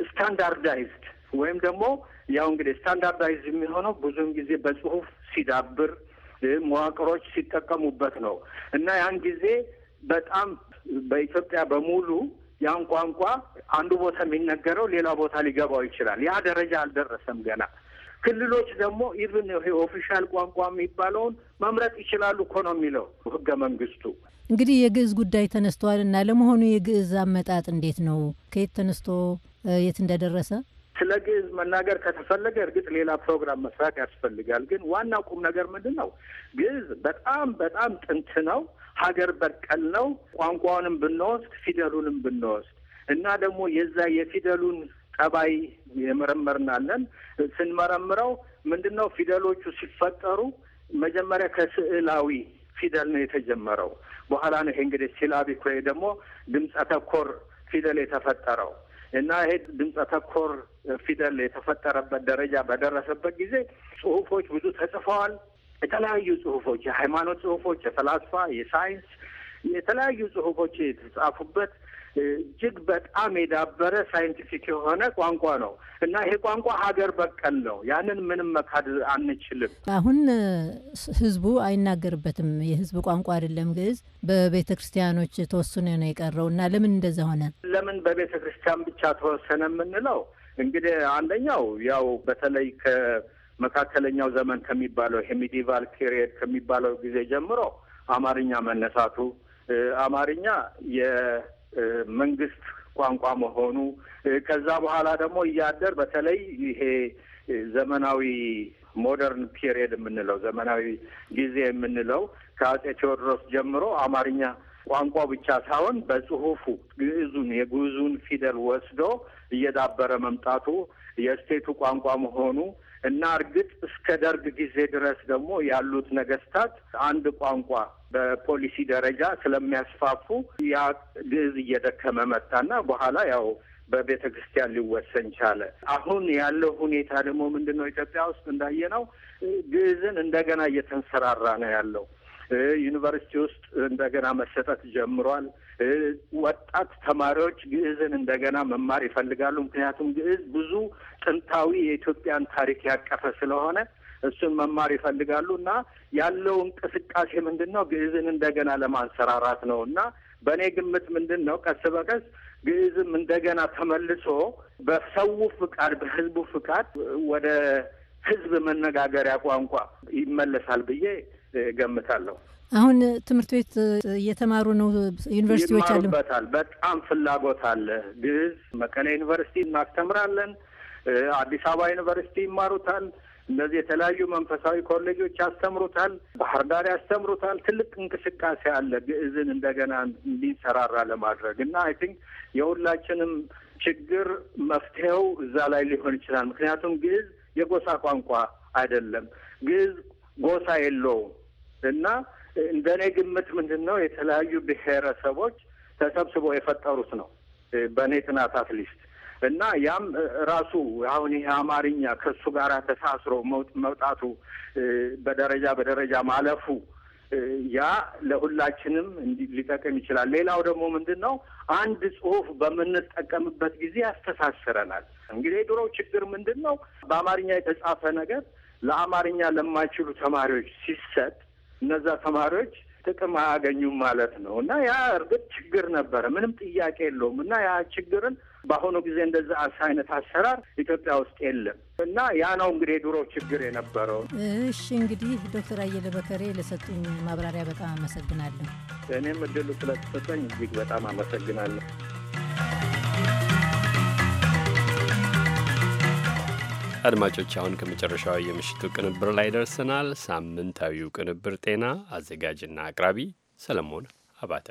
ስታንዳርዳይዝድ ወይም ደግሞ ያው እንግዲህ ስታንዳርዳይዝድ የሚሆነው ብዙውን ጊዜ በጽሁፍ ሲዳብር መዋቅሮች ሲጠቀሙበት ነው እና ያን ጊዜ በጣም በኢትዮጵያ በሙሉ ያን ቋንቋ አንዱ ቦታ የሚነገረው ሌላ ቦታ ሊገባው ይችላል። ያ ደረጃ አልደረሰም ገና። ክልሎች ደግሞ ኢቭን ኦፊሻል ቋንቋ የሚባለውን መምረጥ ይችላሉ እኮ ነው የሚለው ህገ መንግስቱ። እንግዲህ የግዕዝ ጉዳይ ተነስቷል እና ለመሆኑ የግዕዝ አመጣጥ እንዴት ነው? ከየት ተነስቶ የት እንደደረሰ ስለ ግዕዝ መናገር ከተፈለገ እርግጥ ሌላ ፕሮግራም መስራት ያስፈልጋል። ግን ዋና ቁም ነገር ምንድን ነው? ግዕዝ በጣም በጣም ጥንት ነው። ሀገር በቀል ነው። ቋንቋውንም ብንወስድ ፊደሉንም ብንወስድ እና ደግሞ የዛ የፊደሉን ጠባይ የመረመርናለን። ስንመረምረው ምንድን ነው ፊደሎቹ ሲፈጠሩ መጀመሪያ ከስዕላዊ ፊደል ነው የተጀመረው። በኋላ ነው ይሄ እንግዲህ ሲላቢክ ወይ ደግሞ ድምፀ ተኮር ፊደል የተፈጠረው እና ይሄ ድምፀ ተኮር ፊደል የተፈጠረበት ደረጃ በደረሰበት ጊዜ ጽሁፎች ብዙ ተጽፈዋል። የተለያዩ ጽሁፎች፣ የሃይማኖት ጽሁፎች፣ የፈላስፋ፣ የሳይንስ የተለያዩ ጽሁፎች የተጻፉበት እጅግ በጣም የዳበረ ሳይንቲፊክ የሆነ ቋንቋ ነው እና ይሄ ቋንቋ ሀገር በቀል ነው። ያንን ምንም መካድ አንችልም። አሁን ህዝቡ አይናገርበትም። የህዝብ ቋንቋ አይደለም ግዕዝ። በቤተ ክርስቲያኖች ተወስኖ ነው የቀረው እና ለምን እንደዛ ሆነ? ለምን በቤተ ክርስቲያን ብቻ ተወሰነ የምንለው እንግዲህ አንደኛው ያው በተለይ ከ መካከለኛው ዘመን ከሚባለው ይሄ ሚዲቫል ፔሪየድ ከሚባለው ጊዜ ጀምሮ አማርኛ መነሳቱ አማርኛ የመንግስት ቋንቋ መሆኑ ከዛ በኋላ ደግሞ እያደር በተለይ ይሄ ዘመናዊ ሞደርን ፒሪየድ የምንለው ዘመናዊ ጊዜ የምንለው ከአጼ ቴዎድሮስ ጀምሮ አማርኛ ቋንቋ ብቻ ሳይሆን በጽሁፉ ግዕዙን የግዕዙን ፊደል ወስዶ እየዳበረ መምጣቱ የስቴቱ ቋንቋ መሆኑ እና እርግጥ እስከ ደርግ ጊዜ ድረስ ደግሞ ያሉት ነገስታት አንድ ቋንቋ በፖሊሲ ደረጃ ስለሚያስፋፉ ያ ግዕዝ እየደከመ መጣና በኋላ ያው በቤተ ክርስቲያን ሊወሰን ቻለ። አሁን ያለው ሁኔታ ደግሞ ምንድን ነው? ኢትዮጵያ ውስጥ እንዳየነው ግዕዝን እንደገና እየተንሰራራ ነው ያለው። ዩኒቨርሲቲ ውስጥ እንደገና መሰጠት ጀምሯል። ወጣት ተማሪዎች ግዕዝን እንደገና መማር ይፈልጋሉ። ምክንያቱም ግዕዝ ብዙ ጥንታዊ የኢትዮጵያን ታሪክ ያቀፈ ስለሆነ እሱን መማር ይፈልጋሉ እና ያለው እንቅስቃሴ ምንድን ነው? ግዕዝን እንደገና ለማንሰራራት ነው እና በእኔ ግምት ምንድን ነው ቀስ በቀስ ግዕዝም እንደገና ተመልሶ በሰው ፍቃድ፣ በህዝቡ ፍቃድ ወደ ህዝብ መነጋገሪያ ቋንቋ ይመለሳል ብዬ ገምታለሁ። አሁን ትምህርት ቤት እየተማሩ ነው። ዩኒቨርሲቲዎች አለ ይማሩበታል። በጣም ፍላጎት አለ። ግዕዝ መቀሌ ዩኒቨርሲቲ እናስተምራለን። አዲስ አበባ ዩኒቨርሲቲ ይማሩታል። እነዚህ የተለያዩ መንፈሳዊ ኮሌጆች ያስተምሩታል። ባህር ዳር ያስተምሩታል። ትልቅ እንቅስቃሴ አለ ግዕዝን እንደገና እንዲንሰራራ ለማድረግ እና አይ ቲንክ የሁላችንም ችግር መፍትሄው እዛ ላይ ሊሆን ይችላል። ምክንያቱም ግዕዝ የጎሳ ቋንቋ አይደለም። ግዕዝ ጎሳ የለውም እና እንደ እኔ ግምት ምንድን ነው የተለያዩ ብሔረሰቦች ተሰብስቦ የፈጠሩት ነው በእኔ ጥናት አትሊስት እና ያም ራሱ አሁን ይሄ አማርኛ ከሱ ጋር ተሳስሮ መውጣቱ በደረጃ በደረጃ ማለፉ ያ ለሁላችንም ሊጠቅም ይችላል። ሌላው ደግሞ ምንድን ነው አንድ ጽሁፍ በምንጠቀምበት ጊዜ ያስተሳስረናል። እንግዲህ የድሮ ችግር ምንድን ነው በአማርኛ የተጻፈ ነገር ለአማርኛ ለማይችሉ ተማሪዎች ሲሰጥ እነዛ ተማሪዎች ጥቅም አያገኙም ማለት ነው። እና ያ እርግጥ ችግር ነበረ፣ ምንም ጥያቄ የለውም። እና ያ ችግርን በአሁኑ ጊዜ እንደዛ አይነት አሰራር ኢትዮጵያ ውስጥ የለም። እና ያ ነው እንግዲህ የድሮ ችግር የነበረው። እሺ እንግዲህ ዶክተር አየለ በከሬ ለሰጡኝ ማብራሪያ በጣም አመሰግናለሁ። እኔም እድሉ ስለተሰጠኝ እጅግ በጣም አመሰግናለሁ። አድማጮች አሁን ከመጨረሻው የምሽቱ ቅንብር ላይ ደርሰናል። ሳምንታዊው ቅንብር ጤና፣ አዘጋጅና አቅራቢ ሰለሞን አባተ።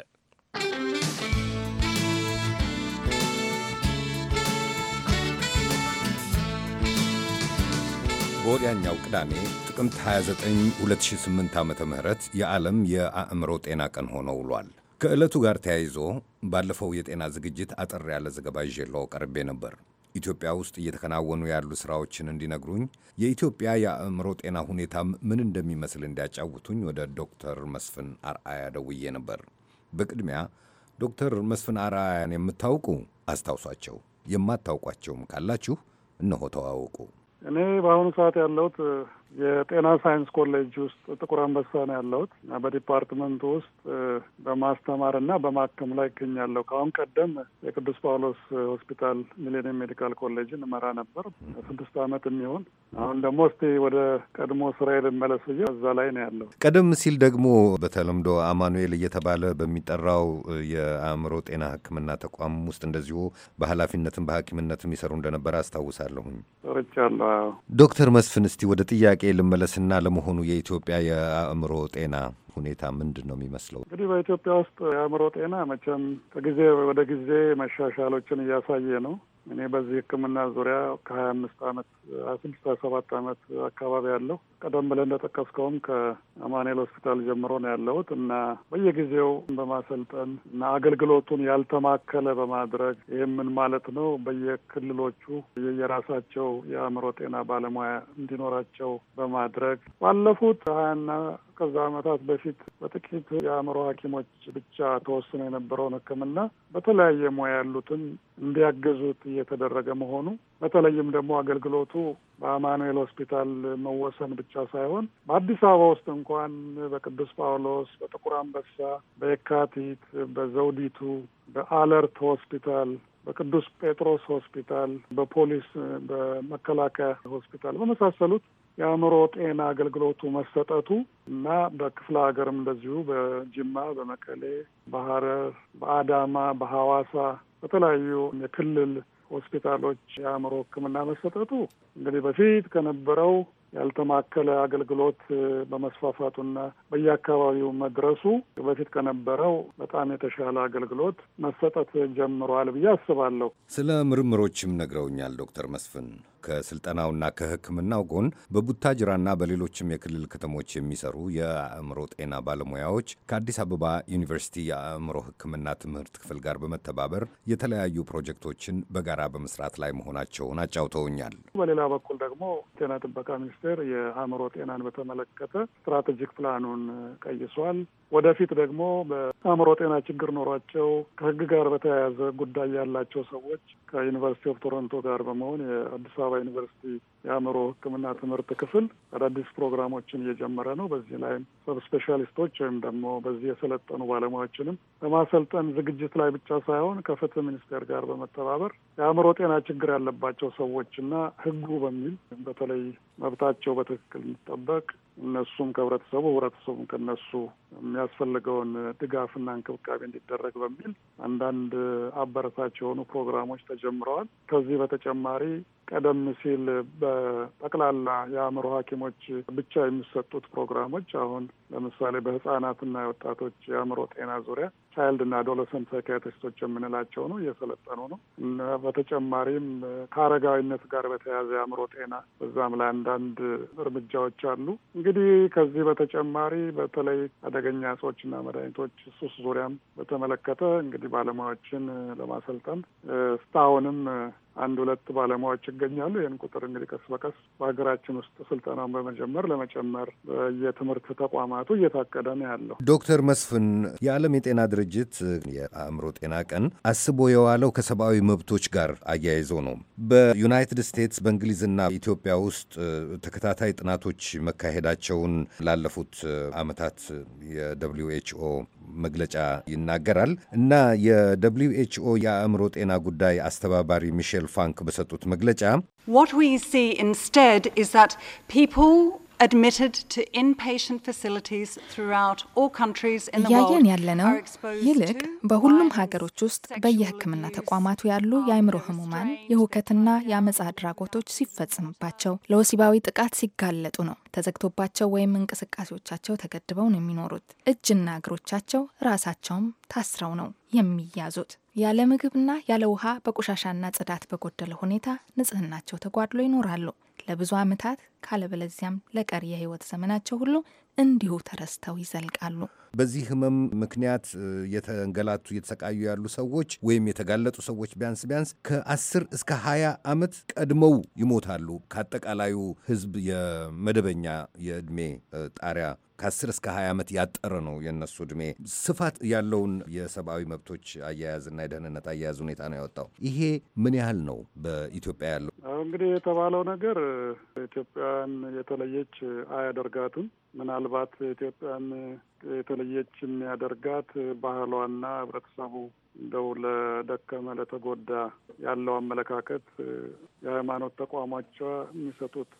በወዲያኛው ቅዳሜ ጥቅምት 29 2008 ዓ ም የዓለም የአእምሮ ጤና ቀን ሆኖ ውሏል። ከዕለቱ ጋር ተያይዞ ባለፈው የጤና ዝግጅት አጠር ያለ ዘገባ ይዤ ቀርቤ ነበር። ኢትዮጵያ ውስጥ እየተከናወኑ ያሉ ስራዎችን እንዲነግሩኝ፣ የኢትዮጵያ የአእምሮ ጤና ሁኔታ ምን እንደሚመስል እንዲያጫውቱኝ ወደ ዶክተር መስፍን አርአያ ደውዬ ነበር። በቅድሚያ ዶክተር መስፍን አርአያን የምታውቁ አስታውሷቸው፣ የማታውቋቸውም ካላችሁ እነሆ ተዋወቁ። እኔ በአሁኑ ሰዓት ያለሁት የጤና ሳይንስ ኮሌጅ ውስጥ ጥቁር አንበሳ ነው ያለሁት። በዲፓርትመንቱ ውስጥ በማስተማር እና በማከም ላይ ይገኛለሁ። ከአሁን ቀደም የቅዱስ ጳውሎስ ሆስፒታል ሚሌኒየም ሜዲካል ኮሌጅን እመራ ነበር ስድስት ዓመት የሚሆን አሁን ደግሞ እስቲ ወደ ቀድሞ ስራ ልመለስ ብዬ እዛ ላይ ነው ያለው። ቀደም ሲል ደግሞ በተለምዶ አማኑኤል እየተባለ በሚጠራው የአእምሮ ጤና ሕክምና ተቋም ውስጥ እንደዚሁ በኃላፊነትም በሐኪምነትም ይሰሩ እንደነበረ አስታውሳለሁኝ። ሰርቻለሁ። ዶክተር መስፍን እስቲ ወደ ጥያቄ ጥያቄ ልመለስና ለመሆኑ የኢትዮጵያ የአእምሮ ጤና ሁኔታ ምንድን ነው የሚመስለው? እንግዲህ በኢትዮጵያ ውስጥ የአእምሮ ጤና መቼም ከጊዜ ወደ ጊዜ መሻሻሎችን እያሳየ ነው። እኔ በዚህ ሕክምና ዙሪያ ከሀያ አምስት አመት ሀያ ስድስት ሀያ ሰባት አመት አካባቢ ያለሁ ቀደም ብለህ እንደጠቀስከውም ከአማኑኤል ሆስፒታል ጀምሮ ነው ያለሁት እና በየጊዜው በማሰልጠን እና አገልግሎቱን ያልተማከለ በማድረግ ይህ ምን ማለት ነው? በየክልሎቹ የየራሳቸው የአእምሮ ጤና ባለሙያ እንዲኖራቸው በማድረግ ባለፉት ሀያና ከዛ ዓመታት በፊት በጥቂት የአእምሮ ሐኪሞች ብቻ ተወስኖ የነበረውን ሕክምና በተለያየ ሙያ ያሉትን እንዲያገዙት እየተደረገ መሆኑ በተለይም ደግሞ አገልግሎቱ በአማኑኤል ሆስፒታል መወሰን ብቻ ሳይሆን በአዲስ አበባ ውስጥ እንኳን በቅዱስ ጳውሎስ፣ በጥቁር አንበሳ፣ በየካቲት፣ በዘውዲቱ፣ በአለርት ሆስፒታል በቅዱስ ጴጥሮስ ሆስፒታል፣ በፖሊስ በመከላከያ ሆስፒታል በመሳሰሉት የአእምሮ ጤና አገልግሎቱ መሰጠቱ እና በክፍለ ሀገርም እንደዚሁ በጅማ፣ በመቀሌ፣ በሐረር፣ በአዳማ፣ በሐዋሳ በተለያዩ የክልል ሆስፒታሎች የአእምሮ ሕክምና መሰጠቱ እንግዲህ በፊት ከነበረው ያልተማከለ አገልግሎት በመስፋፋቱና በየአካባቢው መድረሱ በፊት ከነበረው በጣም የተሻለ አገልግሎት መሰጠት ጀምሯል ብዬ አስባለሁ። ስለ ምርምሮችም ነግረውኛል ዶክተር መስፍን ከስልጠናውና ከሕክምናው ጎን በቡታጅራና በሌሎችም የክልል ከተሞች የሚሰሩ የአእምሮ ጤና ባለሙያዎች ከአዲስ አበባ ዩኒቨርሲቲ የአእምሮ ሕክምና ትምህርት ክፍል ጋር በመተባበር የተለያዩ ፕሮጀክቶችን በጋራ በመስራት ላይ መሆናቸውን አጫውተውኛል። በሌላ በኩል ደግሞ ጤና ጥበቃ ሚኒስቴር የአእምሮ ጤናን በተመለከተ ስትራቴጂክ ፕላኑን ቀይሷል። ወደፊት ደግሞ በአእምሮ ጤና ችግር ኖሯቸው ከህግ ጋር በተያያዘ ጉዳይ ያላቸው ሰዎች ከዩኒቨርሲቲ ኦፍ ቶሮንቶ ጋር በመሆን የአዲስ አበባ ዩኒቨርሲቲ የአእምሮ ሕክምና ትምህርት ክፍል አዳዲስ ፕሮግራሞችን እየጀመረ ነው። በዚህ ላይም ሰብ ስፔሻሊስቶች ወይም ደግሞ በዚህ የሰለጠኑ ባለሙያዎችንም በማሰልጠን ዝግጅት ላይ ብቻ ሳይሆን ከፍትህ ሚኒስቴር ጋር በመተባበር የአእምሮ ጤና ችግር ያለባቸው ሰዎች እና ህጉ በሚል በተለይ መብታቸው በትክክል እንዲጠበቅ እነሱም ከህብረተሰቡ ህብረተሰቡም ከነሱ የሚያስፈልገውን ድጋፍና እንክብካቤ እንዲደረግ በሚል አንዳንድ አበረታች የሆኑ ፕሮግራሞች ተጀምረዋል። ከዚህ በተጨማሪ ቀደም ሲል በጠቅላላ የአእምሮ ሐኪሞች ብቻ የሚሰጡት ፕሮግራሞች አሁን ለምሳሌ በህጻናትና የወጣቶች የአእምሮ ጤና ዙሪያ ቻይልድ እና አዶለሰንት ሳይካትሪስቶች የምንላቸው ነው እየሰለጠኑ ነው። በተጨማሪም ከአረጋዊነት ጋር በተያያዘ የአእምሮ ጤና በዛም ላይ አንዳንድ እርምጃዎች አሉ። እንግዲህ ከዚህ በተጨማሪ በተለይ አደገኛ እጾችና መድኃኒቶች ሱስ ዙሪያም በተመለከተ እንግዲህ ባለሙያዎችን ለማሰልጠን እስካሁንም አንድ ሁለት ባለሙያዎች ይገኛሉ። ይህን ቁጥር እንግዲህ ቀስ በቀስ በሀገራችን ውስጥ ስልጠናውን በመጀመር ለመጨመር የትምህርት ተቋማቱ እየታቀደ ነው ያለው። ዶክተር መስፍን የዓለም የጤና ድርጅት የአእምሮ ጤና ቀን አስቦ የዋለው ከሰብአዊ መብቶች ጋር አያይዞ ነው። በዩናይትድ ስቴትስ በእንግሊዝና ኢትዮጵያ ውስጥ ተከታታይ ጥናቶች መካሄዳቸውን ላለፉት ዓመታት የደብሊው ኤችኦ መግለጫ ይናገራል እና የደብሊው ኤችኦ የአእምሮ ጤና ጉዳይ አስተባባሪ ሚሼል ሚሼል ፋንክ በሰጡት መግለጫ እያየን ያለነው ይልቅ በሁሉም ሀገሮች ውስጥ በየሕክምና ተቋማቱ ያሉ የአእምሮ ህሙማን የሁከትና የአመፃ አድራጎቶች ሲፈጽምባቸው ለወሲባዊ ጥቃት ሲጋለጡ ነው። ተዘግቶባቸው ወይም እንቅስቃሴዎቻቸው ተገድበው ነው የሚኖሩት። እጅና እግሮቻቸው ራሳቸውም ታስረው ነው የሚያዙት። ያለ ምግብና ያለ ውሃ በቆሻሻና ጽዳት በጎደለ ሁኔታ ንጽህናቸው ተጓድሎ ይኖራሉ። ለብዙ ዓመታት ካለበለዚያም ለቀሪ የህይወት ዘመናቸው ሁሉ እንዲሁ ተረስተው ይዘልቃሉ። በዚህ ህመም ምክንያት የተንገላቱ እየተሰቃዩ ያሉ ሰዎች ወይም የተጋለጡ ሰዎች ቢያንስ ቢያንስ ከ10 እስከ 20 ዓመት ቀድመው ይሞታሉ ከአጠቃላዩ ህዝብ የመደበኛ የዕድሜ ጣሪያ ከ10 እስከ 20 ዓመት ያጠረ ነው የእነሱ ዕድሜ። ስፋት ያለውን የሰብአዊ መብቶች አያያዝና የደህንነት አያያዝ ሁኔታ ነው ያወጣው። ይሄ ምን ያህል ነው በኢትዮጵያ ያለው? እንግዲህ የተባለው ነገር ኢትዮጵያን የተለየች አያደርጋትም። ምናልባት ኢትዮጵያን የተለየች የሚያደርጋት ባህሏና ህብረተሰቡ እንደው ለደከመ ለተጎዳ ያለው አመለካከት የሃይማኖት ተቋማቿ የሚሰጡት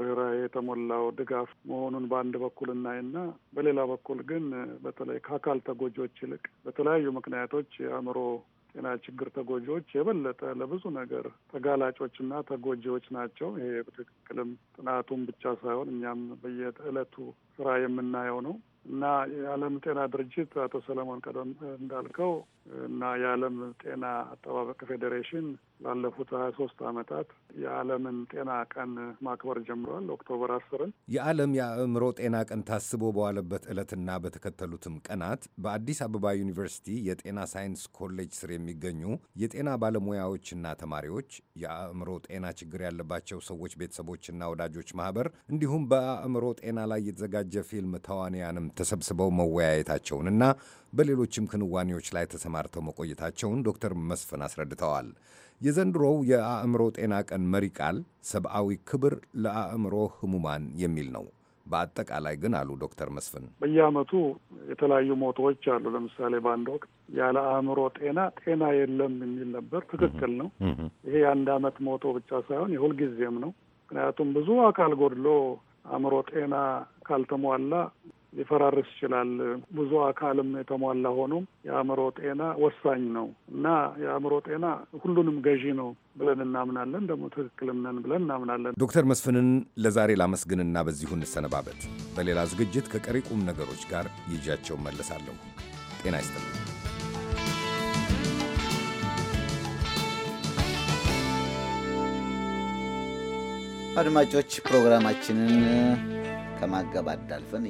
ርኅራ የተሞላው ድጋፍ መሆኑን በአንድ በኩል እናይና በሌላ በኩል ግን በተለይ ከአካል ተጎጆች ይልቅ በተለያዩ ምክንያቶች የአእምሮ ጤና ችግር ተጎጂዎች የበለጠ ለብዙ ነገር ተጋላጮችና ተጎጂዎች ናቸው። ይሄ በትክክልም ጥናቱም ብቻ ሳይሆን እኛም በየዕለቱ ስራ የምናየው ነው። እና የዓለም ጤና ድርጅት አቶ ሰለሞን ቀደም እንዳልከው እና የዓለም ጤና አጠባበቅ ፌዴሬሽን ላለፉት ሀያ ሶስት ዓመታት የዓለምን ጤና ቀን ማክበር ጀምረዋል። ኦክቶበር አስርን የዓለም የአእምሮ ጤና ቀን ታስቦ በዋለበት ዕለትና በተከተሉትም ቀናት በአዲስ አበባ ዩኒቨርሲቲ የጤና ሳይንስ ኮሌጅ ስር የሚገኙ የጤና ባለሙያዎችና ተማሪዎች፣ የአእምሮ ጤና ችግር ያለባቸው ሰዎች ቤተሰቦችና ወዳጆች ማህበር እንዲሁም በአእምሮ ጤና ላይ የተዘጋጀ ፊልም ተዋንያንም ተሰብስበው መወያየታቸውንና በሌሎችም ክንዋኔዎች ላይ ተሰማርተው መቆየታቸውን ዶክተር መስፍን አስረድተዋል። የዘንድሮው የአእምሮ ጤና ቀን መሪ ቃል ሰብአዊ ክብር ለአእምሮ ህሙማን የሚል ነው። በአጠቃላይ ግን አሉ ዶክተር መስፍን በየዓመቱ የተለያዩ ሞቶዎች አሉ። ለምሳሌ በአንድ ወቅት ያለ አእምሮ ጤና ጤና የለም የሚል ነበር። ትክክል ነው። ይሄ የአንድ ዓመት ሞቶ ብቻ ሳይሆን የሁልጊዜም ነው። ምክንያቱም ብዙ አካል ጎድሎ አእምሮ ጤና ካልተሟላ ሊፈራርስ ይችላል። ብዙ አካልም የተሟላ ሆኖም የአእምሮ ጤና ወሳኝ ነው እና የአእምሮ ጤና ሁሉንም ገዢ ነው ብለን እናምናለን። ደግሞ ትክክልም ነን ብለን እናምናለን። ዶክተር መስፍንን ለዛሬ ላመስግንና በዚሁ እንሰነባበት። በሌላ ዝግጅት ከቀሪ ቁም ነገሮች ጋር ይዣቸው መለሳለሁ። ጤና ይስጥልኝ። አድማጮች ፕሮግራማችንን ከማገባደድ አልፈን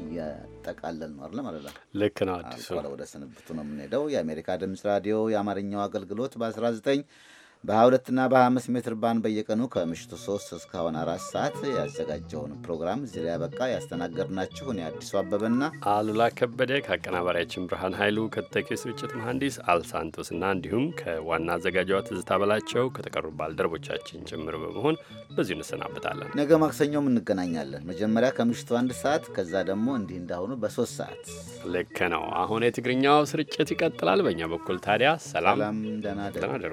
የሚጠቃለል ነው አለ ማለት ነው። ልክ ነው። አዲሱ ወደ ስንብቱ ነው የምንሄደው። የአሜሪካ ድምጽ ራዲዮ የአማርኛው አገልግሎት በ19 በ22ና በ25 ሜትር ባንድ በየቀኑ ከምሽቱ 3 እስካሁን አራት ሰዓት ያዘጋጀውን ፕሮግራም እዚህ ላይ ያበቃ። ያስተናገድናችሁ እኔ አዲሱ አበበና አሉላ ከበደ ከአቀናባሪያችን ብርሃን ኃይሉ ከተኪ ስርጭት መሐንዲስ አልሳንቶስና እንዲሁም ከዋና አዘጋጇ ትዝታ በላቸው ከተቀሩ ባልደረቦቻችን ጭምር በመሆን በዚሁ እንሰናበታለን። ነገ ማክሰኞም እንገናኛለን። መጀመሪያ ከምሽቱ አንድ ሰዓት ከዛ ደግሞ እንዲህ እንዳሁኑ በሶስት ሰዓት ልክ ነው። አሁን የትግርኛው ስርጭት ይቀጥላል። በእኛ በኩል ታዲያ ሰላም፣ ደህና ደሩ።